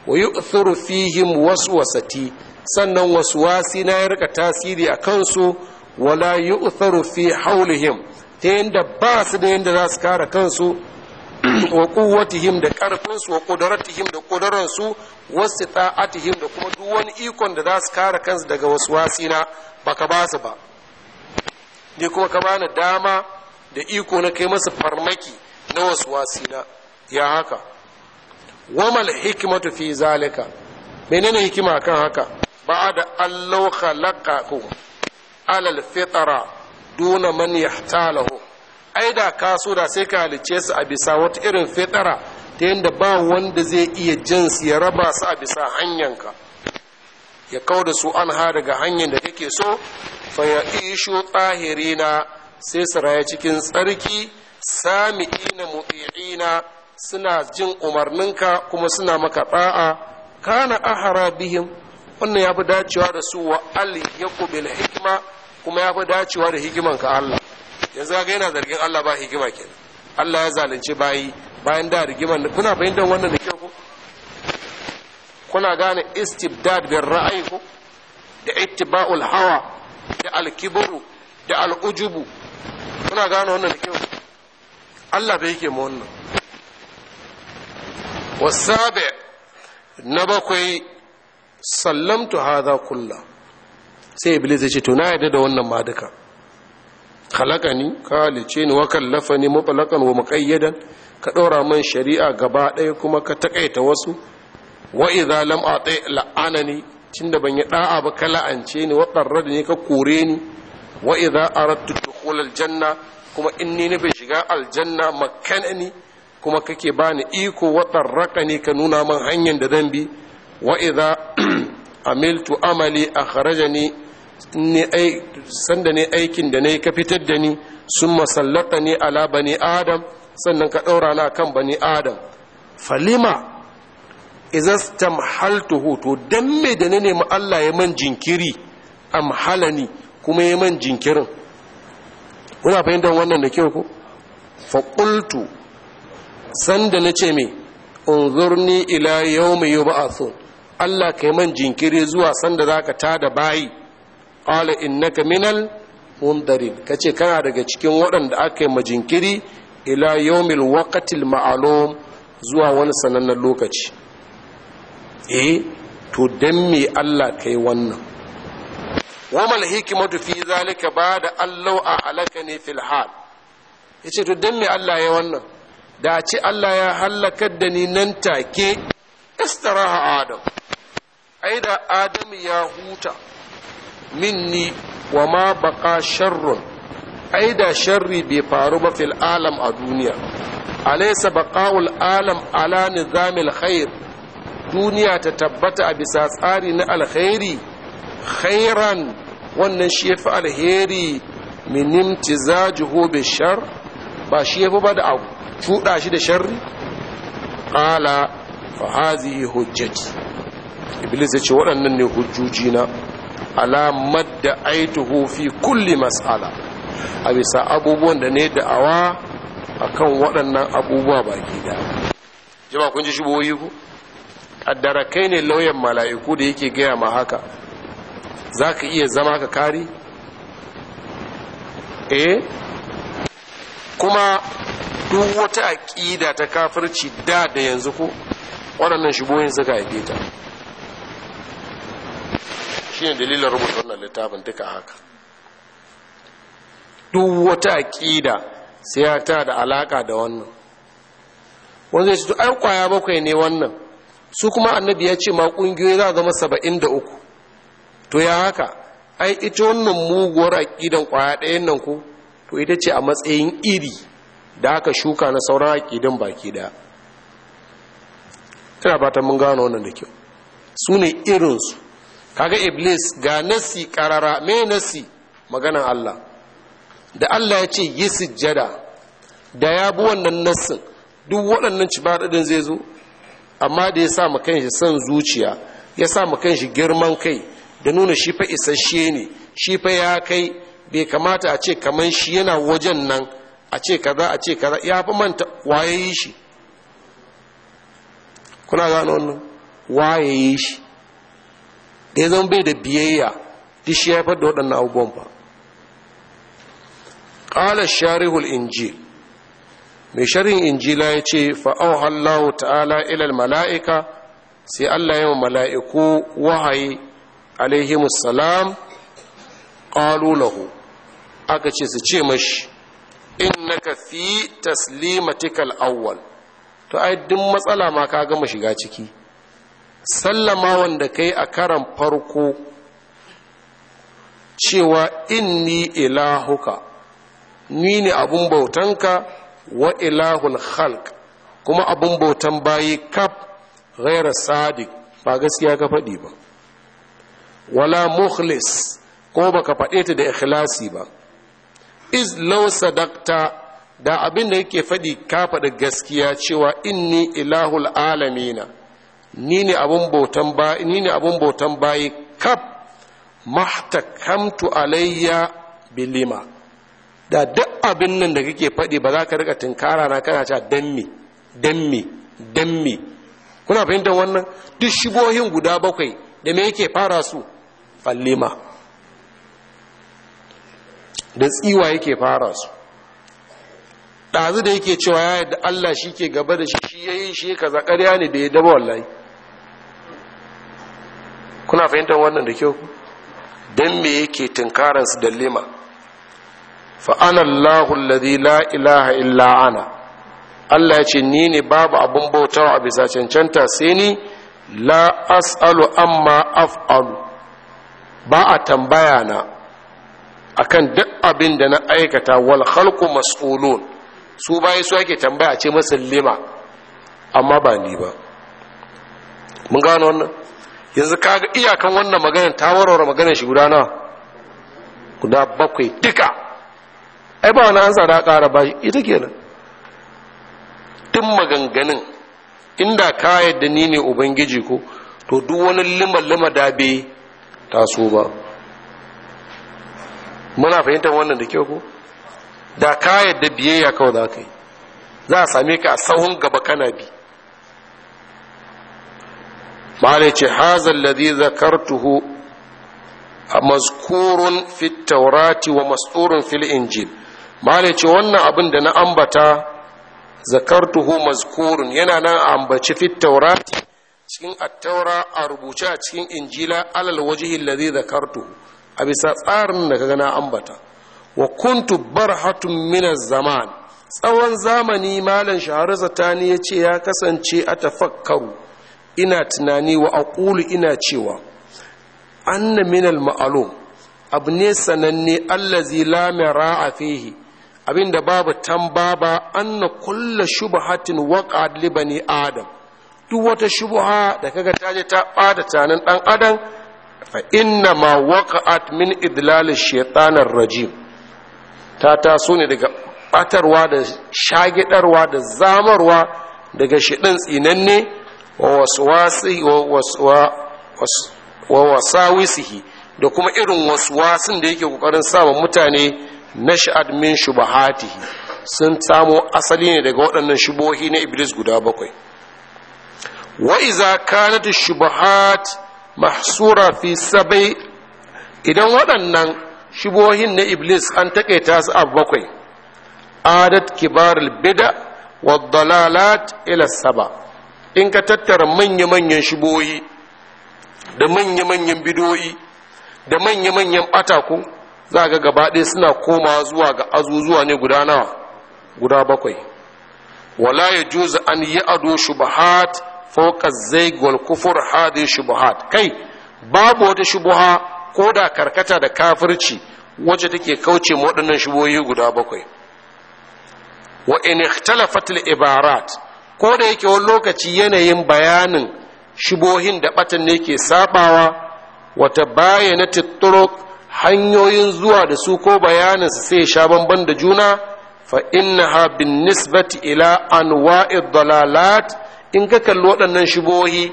wa yu'thiru fihim waswasati sannan waswasi na ya rika tasiri a kansu wala yu'thiru fi him? ta yadda ba su da yadda za su kare kansu wa kuwatihim da karfinsu wa kudaratihim da kudaransu wasu ta'atihim da kuma duk wani ikon da za su kare kansu daga wasu wasina ka ba su ba ni kuma ka bani dama da iko na kai masa farmaki na wasu wasina ya haka wamal hikimatu fi zalika menene hikima kan haka ba da allau khalaqahu alal fitra duna man yahtalahu ai da ka so da sai ka halice su a bisa wata irin fitara ta yadda ba wanda zai iya jin su ya raba su a bisa hanyanka ya kau da su an ha daga hanyar da kake so fa ya isho tsahirina sai su raya cikin tsarki sami'ina muti'ina suna jin umarninka kuma suna maka ɗa'a kana ahara bihim wannan ya fi dacewa da su wa al yaku hikma kuma ya fi dacewa da hikiman ka Allah yanzu kaga yana zargin Allah ba hikima kenan Allah ya zalunci bayi bayan da rigiman kuna fahimtar wannan da kyau ko kuna gane istibdad bin ra'ayi ko da ittiba'ul hawa da kibru da al'ujubu kuna gane wannan da kyau Allah bai yake mu wannan wasabi na bakwai sallamtu hadha kullahu sai iblis ya ce to na yarda da wannan ma duka khalaqani ka halice ni wa kallafani mutlaqan wa muqayyadan ka ɗora man shari'a gaba ɗaya kuma ka takaita wasu wa idza lam ati la'anani tunda ban yi da'a ba ka la'ance ni wa darrada ni ka kore ni wa idza aradtu dukhul aljanna kuma inni ni shiga aljanna makkanani kuma kake bani iko wa ne ka nuna man hanyar da zan bi wa idza [clears throat] amiltu amali akhrajani sanda ne aikin da yi ka fitar da ni sun masallata ne ala bani adam sannan ka ɗaura na kan bani adam falima izastam haltuhu hoto dan me da na nemi Allah ya man jinkiri amhalani kuma ya man jinkirin kuna fahimtar wannan da kyau ko faƙultu sanda na ce me unzurni ila yau mai yau ba'athun Allah ka yi man jinkiri zuwa sanda za ka tada bayi qala innaka minal mundarin kace kana daga cikin waɗanda aka yi majinkiri ila yawmil waqtil ma'lum zuwa wani sanannen lokaci eh to dan me Allah kai wannan wamal hikimatu fi zalika ba'da allahu a alakani fil hal yace to dan me Allah ya wannan da ce Allah ya halaka da ni nan take istaraha adam Aida da adam ya huta minni wa ma baka sharrun ai da sharri bai faru ba fil alam a duniya alaysa baqa'ul alam ala nizamil khair duniya ta tabbata a bisa tsari na alkhairi khairan wannan shi yafi alheri min imtizajuhu bi shar ba shi yafi ba da cuda shi da sharri qala fa hazihi hujjati iblis ya ce waɗannan ne hujjoji na ala madda aituhu fi kulli mas'ala a bisa abubuwan da ne da'awa akan waɗannan abubuwa baki da jima kun ji shubohi ku kaddara ne lauyan mala'iku da yake gaya ma haka za ka iya zama ka kari eh kuma duk wata aƙida ta kafirci da da yanzu ku, waɗannan shubohin suka haife ta ne dalilin rubuta wannan littafin duka haka duk wata aƙida sai ya ta da alaƙa da wannan wanda ya ce to ai kwaya bakwai ne wannan su kuma annabi ya ce ma ƙungiyoyi za a zama saba'in da uku to ya haka ai ita wannan muguwar aƙidan kwaya ɗayan nan ko to ita ce a matsayin iri da aka shuka na sauran aƙidan baki ɗaya ina ta mun gano wannan da kyau su ne irinsu kaga iblis ga nasi karara me nasi maganan Allah da Allah ya ce yi sujjada da ya bi wannan nassin duk waɗannan ci baɗaɗin zai zo amma da ya sa ma kanshi son zuciya ya sa ma kanshi girman kai da nuna shi fa isasshe ne shi fa ya kai bai kamata a ce kaman shi yana wajen nan a ce kaza a ce kaza ya fi manta waye yi shi kuna gano wannan waye yi shi da ya zama bai da biyayya duk shi haifar da waɗannan abubuwan ba Ƙalar sharihul injil mai sharhin injila ya ce hallahu ta'ala ilal mala'ika sai allah wa mala'iku wahayi alaihimussalam ƙalu lahu aka ce su ce mashi innaka fi taslimatikal awwal to ai duk matsala ma ka gama shiga ciki sallama wanda kai a karan farko cewa inni ilahuka ni ne abun bautanka wa ilahul khalq kuma abun bautan bayi kaf ghaira sadiq ba gaskiya ka faɗi ba wala mukhlis ko baka faɗe ta da ikhlasi ba iz law sadaqta da abin da yake faɗi ka faɗi gaskiya cewa inni ilahul alamina ni ne abin bautan bayi ni ne abin bautan bayi kaf mahtakamtu alayya bilima da duk abin nan da kake faɗi ba za ka rika tinkara na kana cewa dan me dan me kuna fahimtar wannan duk shibohin guda bakwai da me yake fara su fallima da tsiwa yake fara su ɗazu da yake cewa ya da Allah shi ke gaba da shi shi ya yi shi kaza ƙarya ne da ya daba wallahi kuna fahimtar wannan da kyau don me yake su da lima fa'ana Allahu la ilaha illa ana Allah ya ce ni ne babu abin bautawa a bisa cancanta sai ni la as'alu amma af'alu ba a tambaya na akan duk abin da na aikata wal khalqu mas'ulun su bayi su ake tambaya ce masu lima amma ba ni ba mun gano wannan yanzu kaga iyakan wannan magana ta warware magana shi guda nawa guda bakwai duka ai ba wani an tsada ƙara ba ita kenan tun maganganun inda ka yadda ni ne ubangiji ko to duk wani lima-lima da bai taso ba muna fahimtar wannan da kyau ko da ka yadda biyayya kawai za ka yi za a same ka a sahun gaba kana bi bala ce hazal ladhi zakartuhu mazkurun fit taurati wa masturun fil injil bala ce wannan abin da na ambata zakartuhu mazkurun yana nan ambaci fit taurati cikin attaura a rubuce a cikin injila alal wajihi ladhi zakartuhu a bisa tsarin da kaga na ambata wa kuntu barhatun min zaman tsawon zamani malam shahararsa tani ya ce ya kasance a tafakkaru ina tunani wa aqulu ina cewa anna min al ma'lum abu ne sananne allazi la mira'a fihi abinda babu tambaba anna kullu shubhatin waqa'at li bani adam duk wata shubha da kaga ta je ta bada tanan dan adam fa inna ma waqa'at min idlal ash-shaytan ar-rajim ta taso ne daga batarwa da shagidarwa da zamarwa daga shidan tsinanne wa wasawisihi da kuma irin waswasin da yake kokarin samun mutane na sha'ad shubahatihi sun samo asali ne daga waɗannan shubohi na iblis guda bakwai wa iza kanat shubahat mahsura fi sabai idan waɗannan shubohin na iblis an taƙaita su abu bakwai adat kibar bida wa dalalat ila saba in ka tattara manya-manyan shiboyi da manya-manyan bidoyi da manya-manyan ataku, za ga gabaɗe suna koma zuwa ga azuzuwa ne guda nawa guda bakwai wala ya juza an yi ado shubahat fokas zai kufur hadi shubahat kai babu wata shubuha ko da karkata da kafirci wacce take kauce waɗannan shuboyi guda bakwai wa in ikhtalafat al ibarat ko da yake wani lokaci yanayin bayanin shibohin da batan ne ke sabawa wata na tituruk hanyoyin zuwa da su ko bayanin su sai sha bamban da juna fa ha bin nisbati ila anwa'i dalalat in ka kalli waɗannan shibohi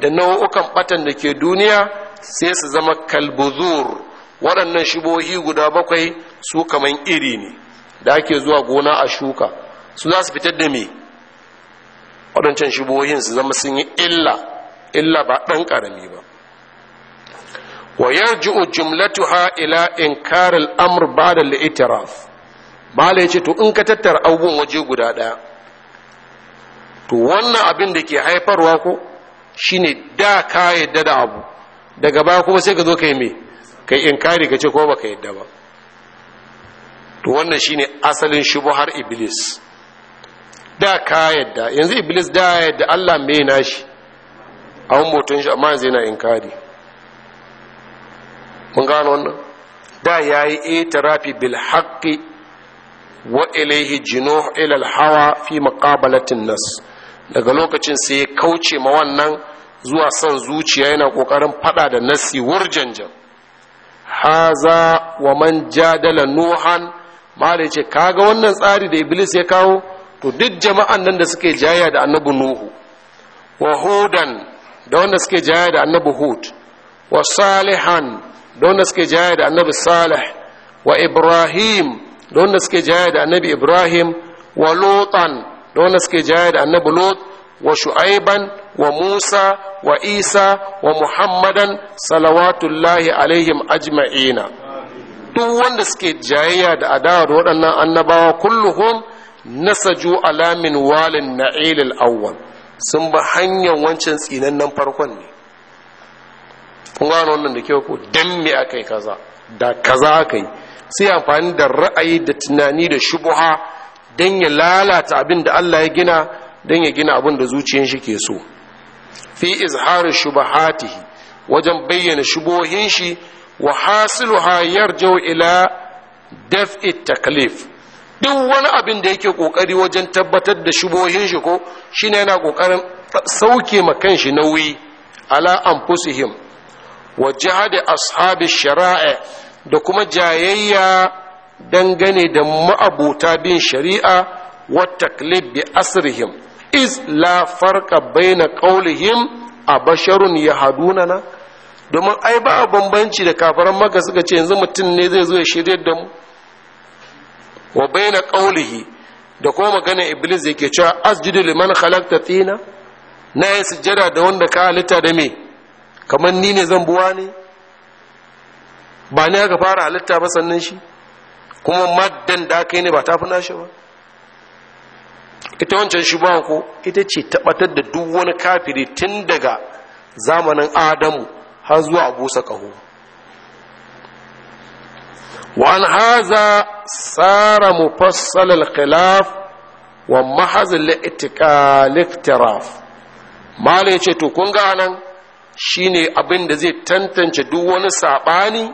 da nau'ukan batan da ke duniya sai su zama kalbuzur waɗannan shibohi guda bakwai su kaman iri ne da ake zuwa gona a shuka su za su fitar da me waɗancan shibohin su zama sun yi illa illa ba ɗan ƙarami ba wa jumlatu jumlatuha ila inkar al-amr ba'da al-i'tiraf mala yace to in ka tattara abubuwan waje guda ɗaya to wannan abin da ke haifarwa ko shine da ka yadda da abu daga baya kuma sai ka zo kai me kai inkari ka ce ko baka yadda ba to wannan shine asalin shubuhar iblis da ka yadda yanzu iblis da yadda allah mai nashi a mutum shi amma yanzu yana kari mun gano wannan da ya yi itirafi bil haqqi wa ilaihi jino ilal hawa fi maƙabalatin nas daga lokacin sai ya kauce ma wannan zuwa son zuciya yana kokarin faɗa da nasi wurjanjan haza wa man jadala nuhan ma da ce kaga wannan tsari da iblis ya kawo to duk jama'an nan da suke jaya da annabi nuhu wa hudan da wanda suke jaya da annabi hud wa salihan da wanda suke jaya da annabi salih wa ibrahim da wanda suke jaya da annabi ibrahim wa lutan da wanda suke jaya da annabi lut wa shu'aiban wa musa wa isa wa muhammadan salawatullahi alaihim ajma'ina duk wanda suke jayayya da adawa da waɗannan annabawa kulluhum nasaju alamin walin na'il al-awwal sun ba hanyar wancan tsinannen farkon ne kun gano wannan da kyau ko dan me akai kaza da kaza akai sai amfani da ra'ayi da tunani da shubuha dan ya lalata abin da Allah ya gina dan ya gina abin da zuciyar shi ke so fi izhari shubahatihi wajen bayyana shubohin shi wa hasiluha yarjau ila daf'i taklif duk wani abin da yake kokari wajen tabbatar da shubohin shi ko shine yana kokarin sauke ma kanshi nauyi ala anfusihim wa jihadi ashabi shari'a da kuma jayayya dangane da ma'abuta bin shari'a wa taklid bi asrihim iz la farqa baina qawlihim a basharun domin ai ba bambanci da kafaran maka suka ce yanzu mutum ne zai zo ya shirye da mu wa baina qawlihi da kuma magana iblis yake cewa asjudu liman khalaqta tina na yi sujjada da wanda ka halitta da me kamar ni ne zan buwa ne ba ne aka fara halitta ba sannan shi kuma maddan da aka yi ne ba ta fi nashi ba ita wancan shi ba ko ita ce tabbatar da duk wani kafiri tun daga zamanin adamu har zuwa abusa ƙaho وعن هذا صار مفصل الخلاف ومحز الاعتراف ما ليش تكون غانا shine abin da zai tantance duk wani saɓani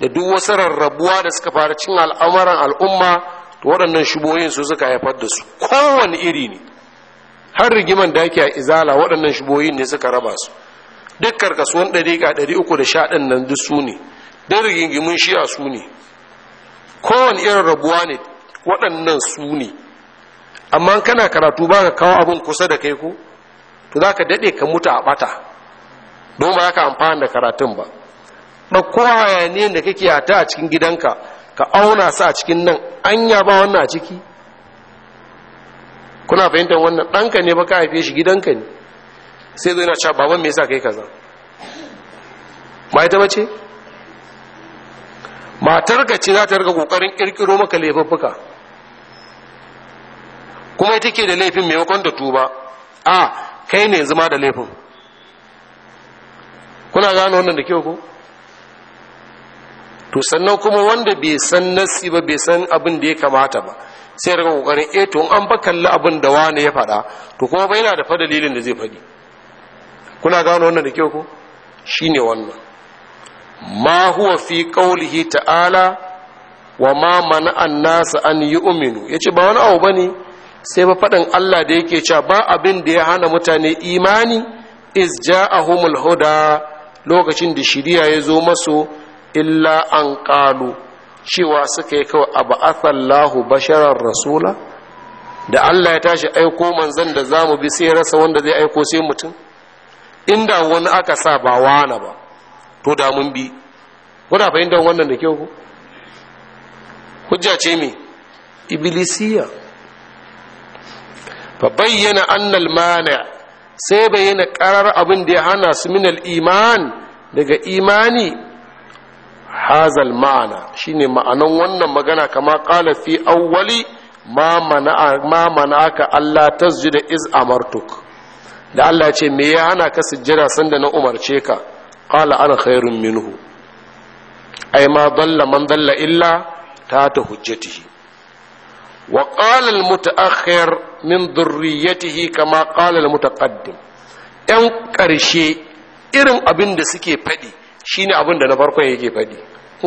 da duk wasu rarrabuwa da suka fara cikin al'amaran al'umma to waɗannan shubohin su suka haifar da su kowane iri ne har rigiman daki a izala waɗannan shubohin ne suka raba su duk karkasuwan ɗari ga ɗari uku da sha ɗin nan duk su duk rigingimin shi'a su ne kowane irin rabuwa ne waɗannan su ne amma kana karatu ba ka kawo abin kusa da kai ko to za ka daɗe ka mutu a ɓata don ba ka amfana da karatun ba ɗauko ne da kake ta a cikin gidanka ka auna sa a cikin nan an ya ba wannan a ciki kuna fahimtar wannan ɗanka ne ba ka haife shi gidanka ne sai zo yana cewa baban me yasa kai kaza ba ita bace matar ga ce za ta rika kokarin kirkiro maka laifuffuka kuma ita ke da laifin maimakon da tuba a kai ne zama da laifin kuna gano wannan da kyau ko to sannan kuma wanda bai san nasi ba bai san abin da ya kamata ba sai rika kokarin eh to an ba kalli abin da wani ya faɗa to kuma ba yana da fa dalilin da zai faɗi kuna gano wannan da kyau ko shine wannan ما هو fi قوله ta'ala wa منع الناس ان يؤمنوا Ya yace ba wani abu bane sai ba faɗin Allah da yake cewa ba abin da ya hana mutane imani iz ja'ahumul huda lokacin da shiriya ya zo masu illa an qalu cewa suka yi kawai abu asallahu basharar rasula da Allah ya tashi aiko manzan da za mu bi sai rasa wanda zai aiko sai mutum inda wani aka sa ba wana ba to da mun bi kuna fahimtar wannan da kyau ku hujja ce me Iblisiya. fa bayyana annal mana sai bayyana karar abin da ya hana su minal iman daga imani hazal ma'ana shine ma'anan wannan magana kama kala fi awwali ma mana aka Allah tasjuda iz amartuk da Allah ce me ya hana ka sujjada sanda na umarce ka qala ana khairun minhu ai ma dalla man dalla illa ta ta hujjatihi wa qala al mutaakhir min dhurriyyatihi kama qala al mutaqaddim yan ƙarshe irin abin suke faɗi shine abin da na farkon yake faɗi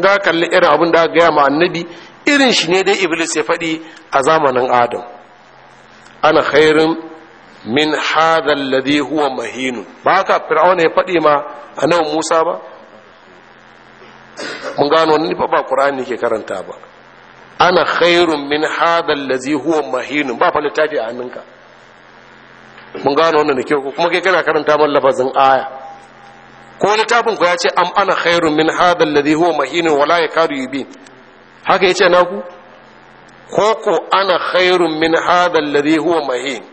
ga kalli irin abin da gaya ma annabi irin shi ne dai iblis ya faɗi a zamanin adam ana khairun min hadha alladhi huwa mahin ba ka fir'auna ya faɗi ma annabi Musa ba mun gano ni fa ba Qur'ani ke karanta ba ana khairun min hadha allazi huwa mahin ba fa littafi a hannunka mun gano wannan da kyau kuma kai kana karanta man lafazin aya ko littafin ku ya ce am ana khairun min hadha allazi huwa mahin wala yakadu yubin haka yace naku ko ko ana khairun min hadha allazi huwa mahin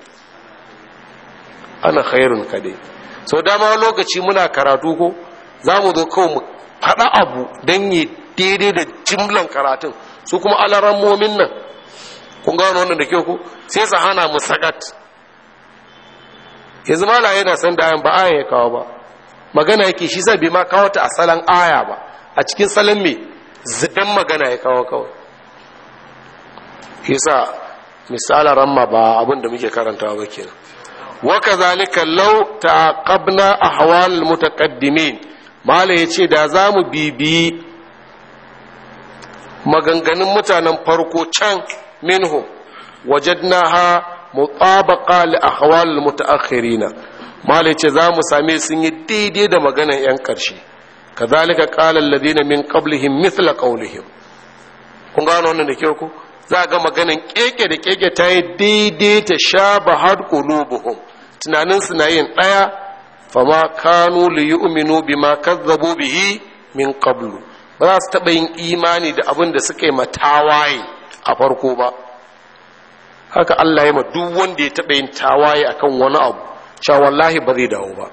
ana khairun ka dai so dama lokaci muna karatu ko za mu zo kawai mu faɗa abu don yi daidai da jimlan karatun su kuma alaran momin nan kun gano wannan da kyau ko sai sa hana mu sakat yanzu mala yana san da ayan ba ayan ya kawo ba magana yake shi zai bai ma kawo ta a salon aya ba a cikin salon me zidan magana ya kawo kawai yasa misala ramma ba abin da muke karantawa ba kenan وكذلك لو تعاقبنا أحوال المتقدمين ما yace da za mu bibi maganganun mutanen farko can minhu wajadnaha mutabaqa li ahwal mutaakhirina mala yace za mu same sun yi daidai da maganan yan karshe kazalika qala alladhina min qablihim misla qawlihim kun gano wannan da kyau ku za ga maganan keke da keke ta yi daidai ta sha bahar qulubuhum tunaninsu na yin ɗaya fama kanu li yu'minu bima kazzabu bihi min qablu ba za su taɓa yin imani da abin da suka yi matawaye a farko ba haka Allah ya ma duk wanda ya taɓa yin tawaye akan wani abu cewa wallahi ba zai dawo ba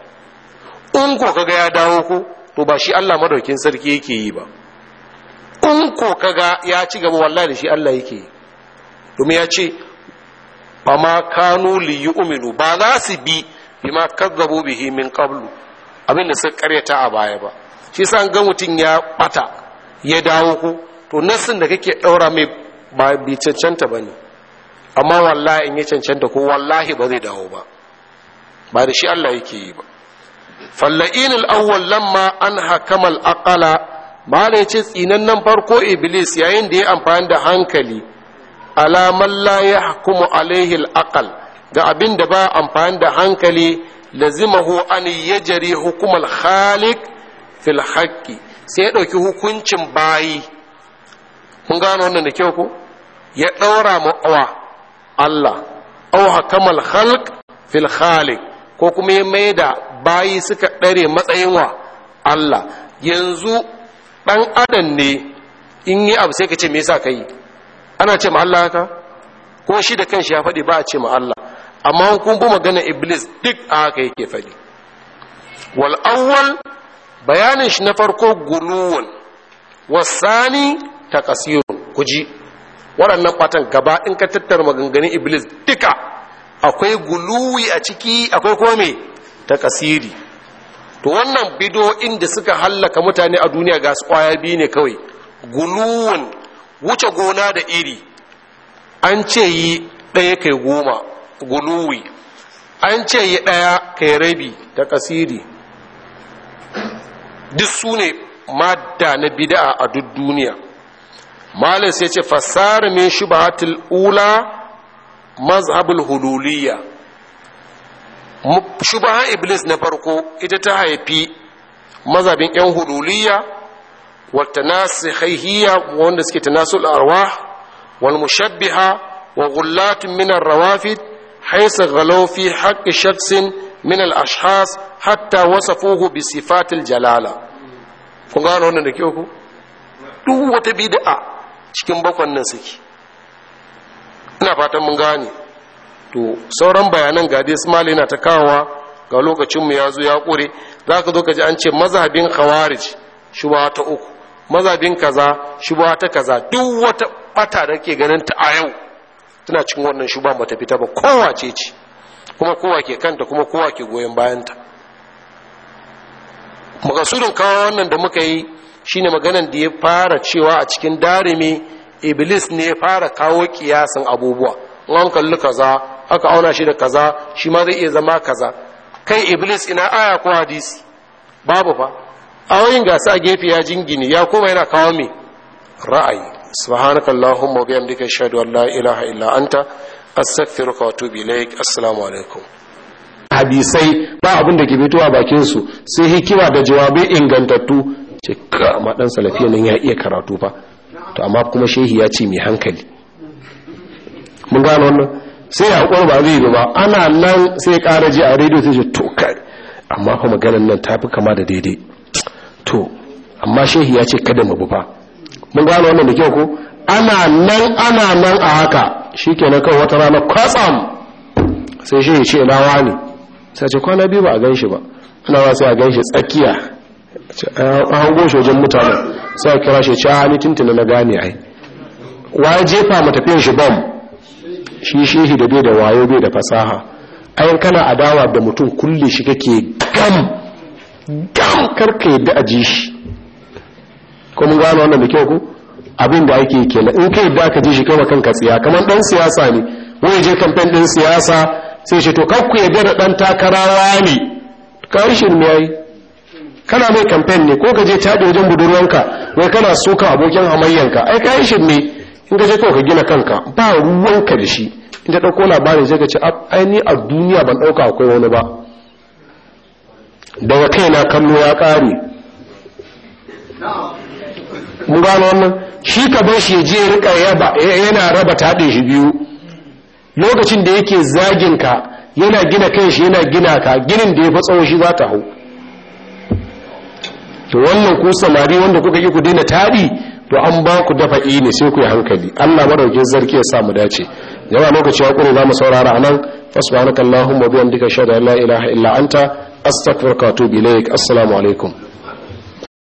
in ko kaga ya dawo ko to ba shi Allah madaukin sarki yake yi ba in ko kaga ya ci gaba wallahi da shi Allah yake yi domin ya ce fama kanu li yu'minu ba za su bi ma kazzabu bihi min qablu abinda suka karyata a baya ba shi sa ga mutum ya bata ya dawo ko to nasin da kake daura mai ba bi cancanta bane amma wallahi in ya cancanta ko wallahi ba zai dawo ba ba da shi Allah yake yi ba fallain al-awwal lamma an hakama al-aqala mala ce tsinan nan farko iblis yayin da ya amfani da hankali alaman la ya hukumu alaihil aqal ga abin da ba amfani da hankali lazimahu an yajri hukumar khaliq fil haqqi sai ya ɗauki hukuncin bayi kun gano wannan da kyau ko ya ɗaura awa Allah au hakamal khalq fil khaliq ko kuma ya mai da bayi suka ɗare matsayin Allah yanzu ɗan adam ne in yi abu sai ka ce me yasa ka yi ana ce ma Allah haka ko shi da kanshi ya faɗi ba a ce ma Allah amma kun bi magana iblis duk a haka yake faɗi wal awwal bayanin shi na farko guluwun wasani takasirun kuji waɗannan kwatan gaba in ka tattara maganganun iblis duka akwai guluwi a ciki akwai kome takasiri to wannan bido inda suka hallaka mutane a duniya ga su kwaya biyu ne kawai guluwun wuce gona da iri an ce yi ɗaya kai goma guluwi an ce yi ɗaya kai rabi da kasiri duk su ne madda na bida'a a duk duniya malin sai ce fasari min shubahatul ula mazhabul hululiyya shubaha iblis na farko ita ta haifi mazhabin yan hululiyya wata wanda suke tanasul arwah wal mushabbiha wa gullatun min rawafid haisa ghalau fi haqqi shakhsin min al ashhas hatta wasafuhu bi al jalala kun ga wannan da ke ku duk wata bid'a cikin bakon nan suke ina fatan mun gane to sauran bayanan ga dai Ismail yana ta kawowa ga lokacin mu ya zo ya kure zaka zo ka ji an ce mazhabin khawarij shuba ta uku mazabin kaza shubuha ta kaza duk wata bata da ke ganin ta a yau tana cikin wannan shuba bata fita ba kowa ce ce kuma kowa ke kanta kuma kowa ke goyon bayanta makasudin kawo wannan da muka yi shine maganan da ya fara cewa a cikin darimi iblis ne ya fara kawo kiyasin abubuwa an kalli kaza aka auna shi da kaza shi ma zai iya zama kaza kai iblis ina aya ko hadisi babu fa awoyin gasa a gefe ya jingini ya koma yana kawo mai ra'ayi subhanaka allahumma bihamdika ashhadu an la ilaha illa anta astaghfiruka wa atubu ilaik assalamu alaikum hadisai ba abin da ke fito a bakin su sai hikima da jawabai ingantattu ce ka amma dan salafiya nan ya iya karatu fa to amma kuma shehi ya ce mai hankali mun gano wannan sai ya hakuri ba zai yi ba ana nan sai ya ƙara ji a rediyo sai ce to kai amma kuma maganar nan ta fi kama da daidai to amma shehi ya ce kada mu ba mun gano wannan da kyau ko ana nan ana nan a haka shi shikenan kawai wata rana kwatsam sai shehi ce na ne sai ce kwana biyu ba a ganshi ba ana ba sai a ganshi tsakiya a hango shi wajen mutane sai a kira shi ce a ah, ni tuntuna na gane ai waye jefa mu tafiyan shi bam shi shehi da bai da wayo bai da fasaha ayin kana adawa da mutum kulle shi kake gam karka yadda a ji shi kuma gano wannan da kyau ku abin da ake kela in ka yadda aka ji shi kama kanka tsiya kamar dan siyasa ne wani je kamfen din siyasa sai shi to kakku yadda da dan takarawa ne kawai shi ne yayi kana mai kamfen ne ko ka je taɗe wajen budurwanka wai kana soka abokin hamayyanka ai kai shi ne in ka je kawai ka gina kanka ba ruwanka da shi in ta ɗauko labarin sai ka ce ai a duniya ban ɗauka akwai wani ba daga kai na kallo ya ƙare mun gano wannan shi ka bar shi ya je rika yana raba taɗin shi biyu lokacin da yake zagin ka yana gina kan shi yana gina ka ginin da ya fi tsawon shi za ta hau to wannan ku samari wanda kuka yi ku daina taɗi to an ba ku dafa ne sai ku yi hankali allah maraukin zarki ya sa mu dace jama'a lokaci ya ƙure za mu saurara a nan fasu ba hannun kallahun mabiyan duka shaida la ilaha illa anta astaghfiruka wa atubu assalamu alaikum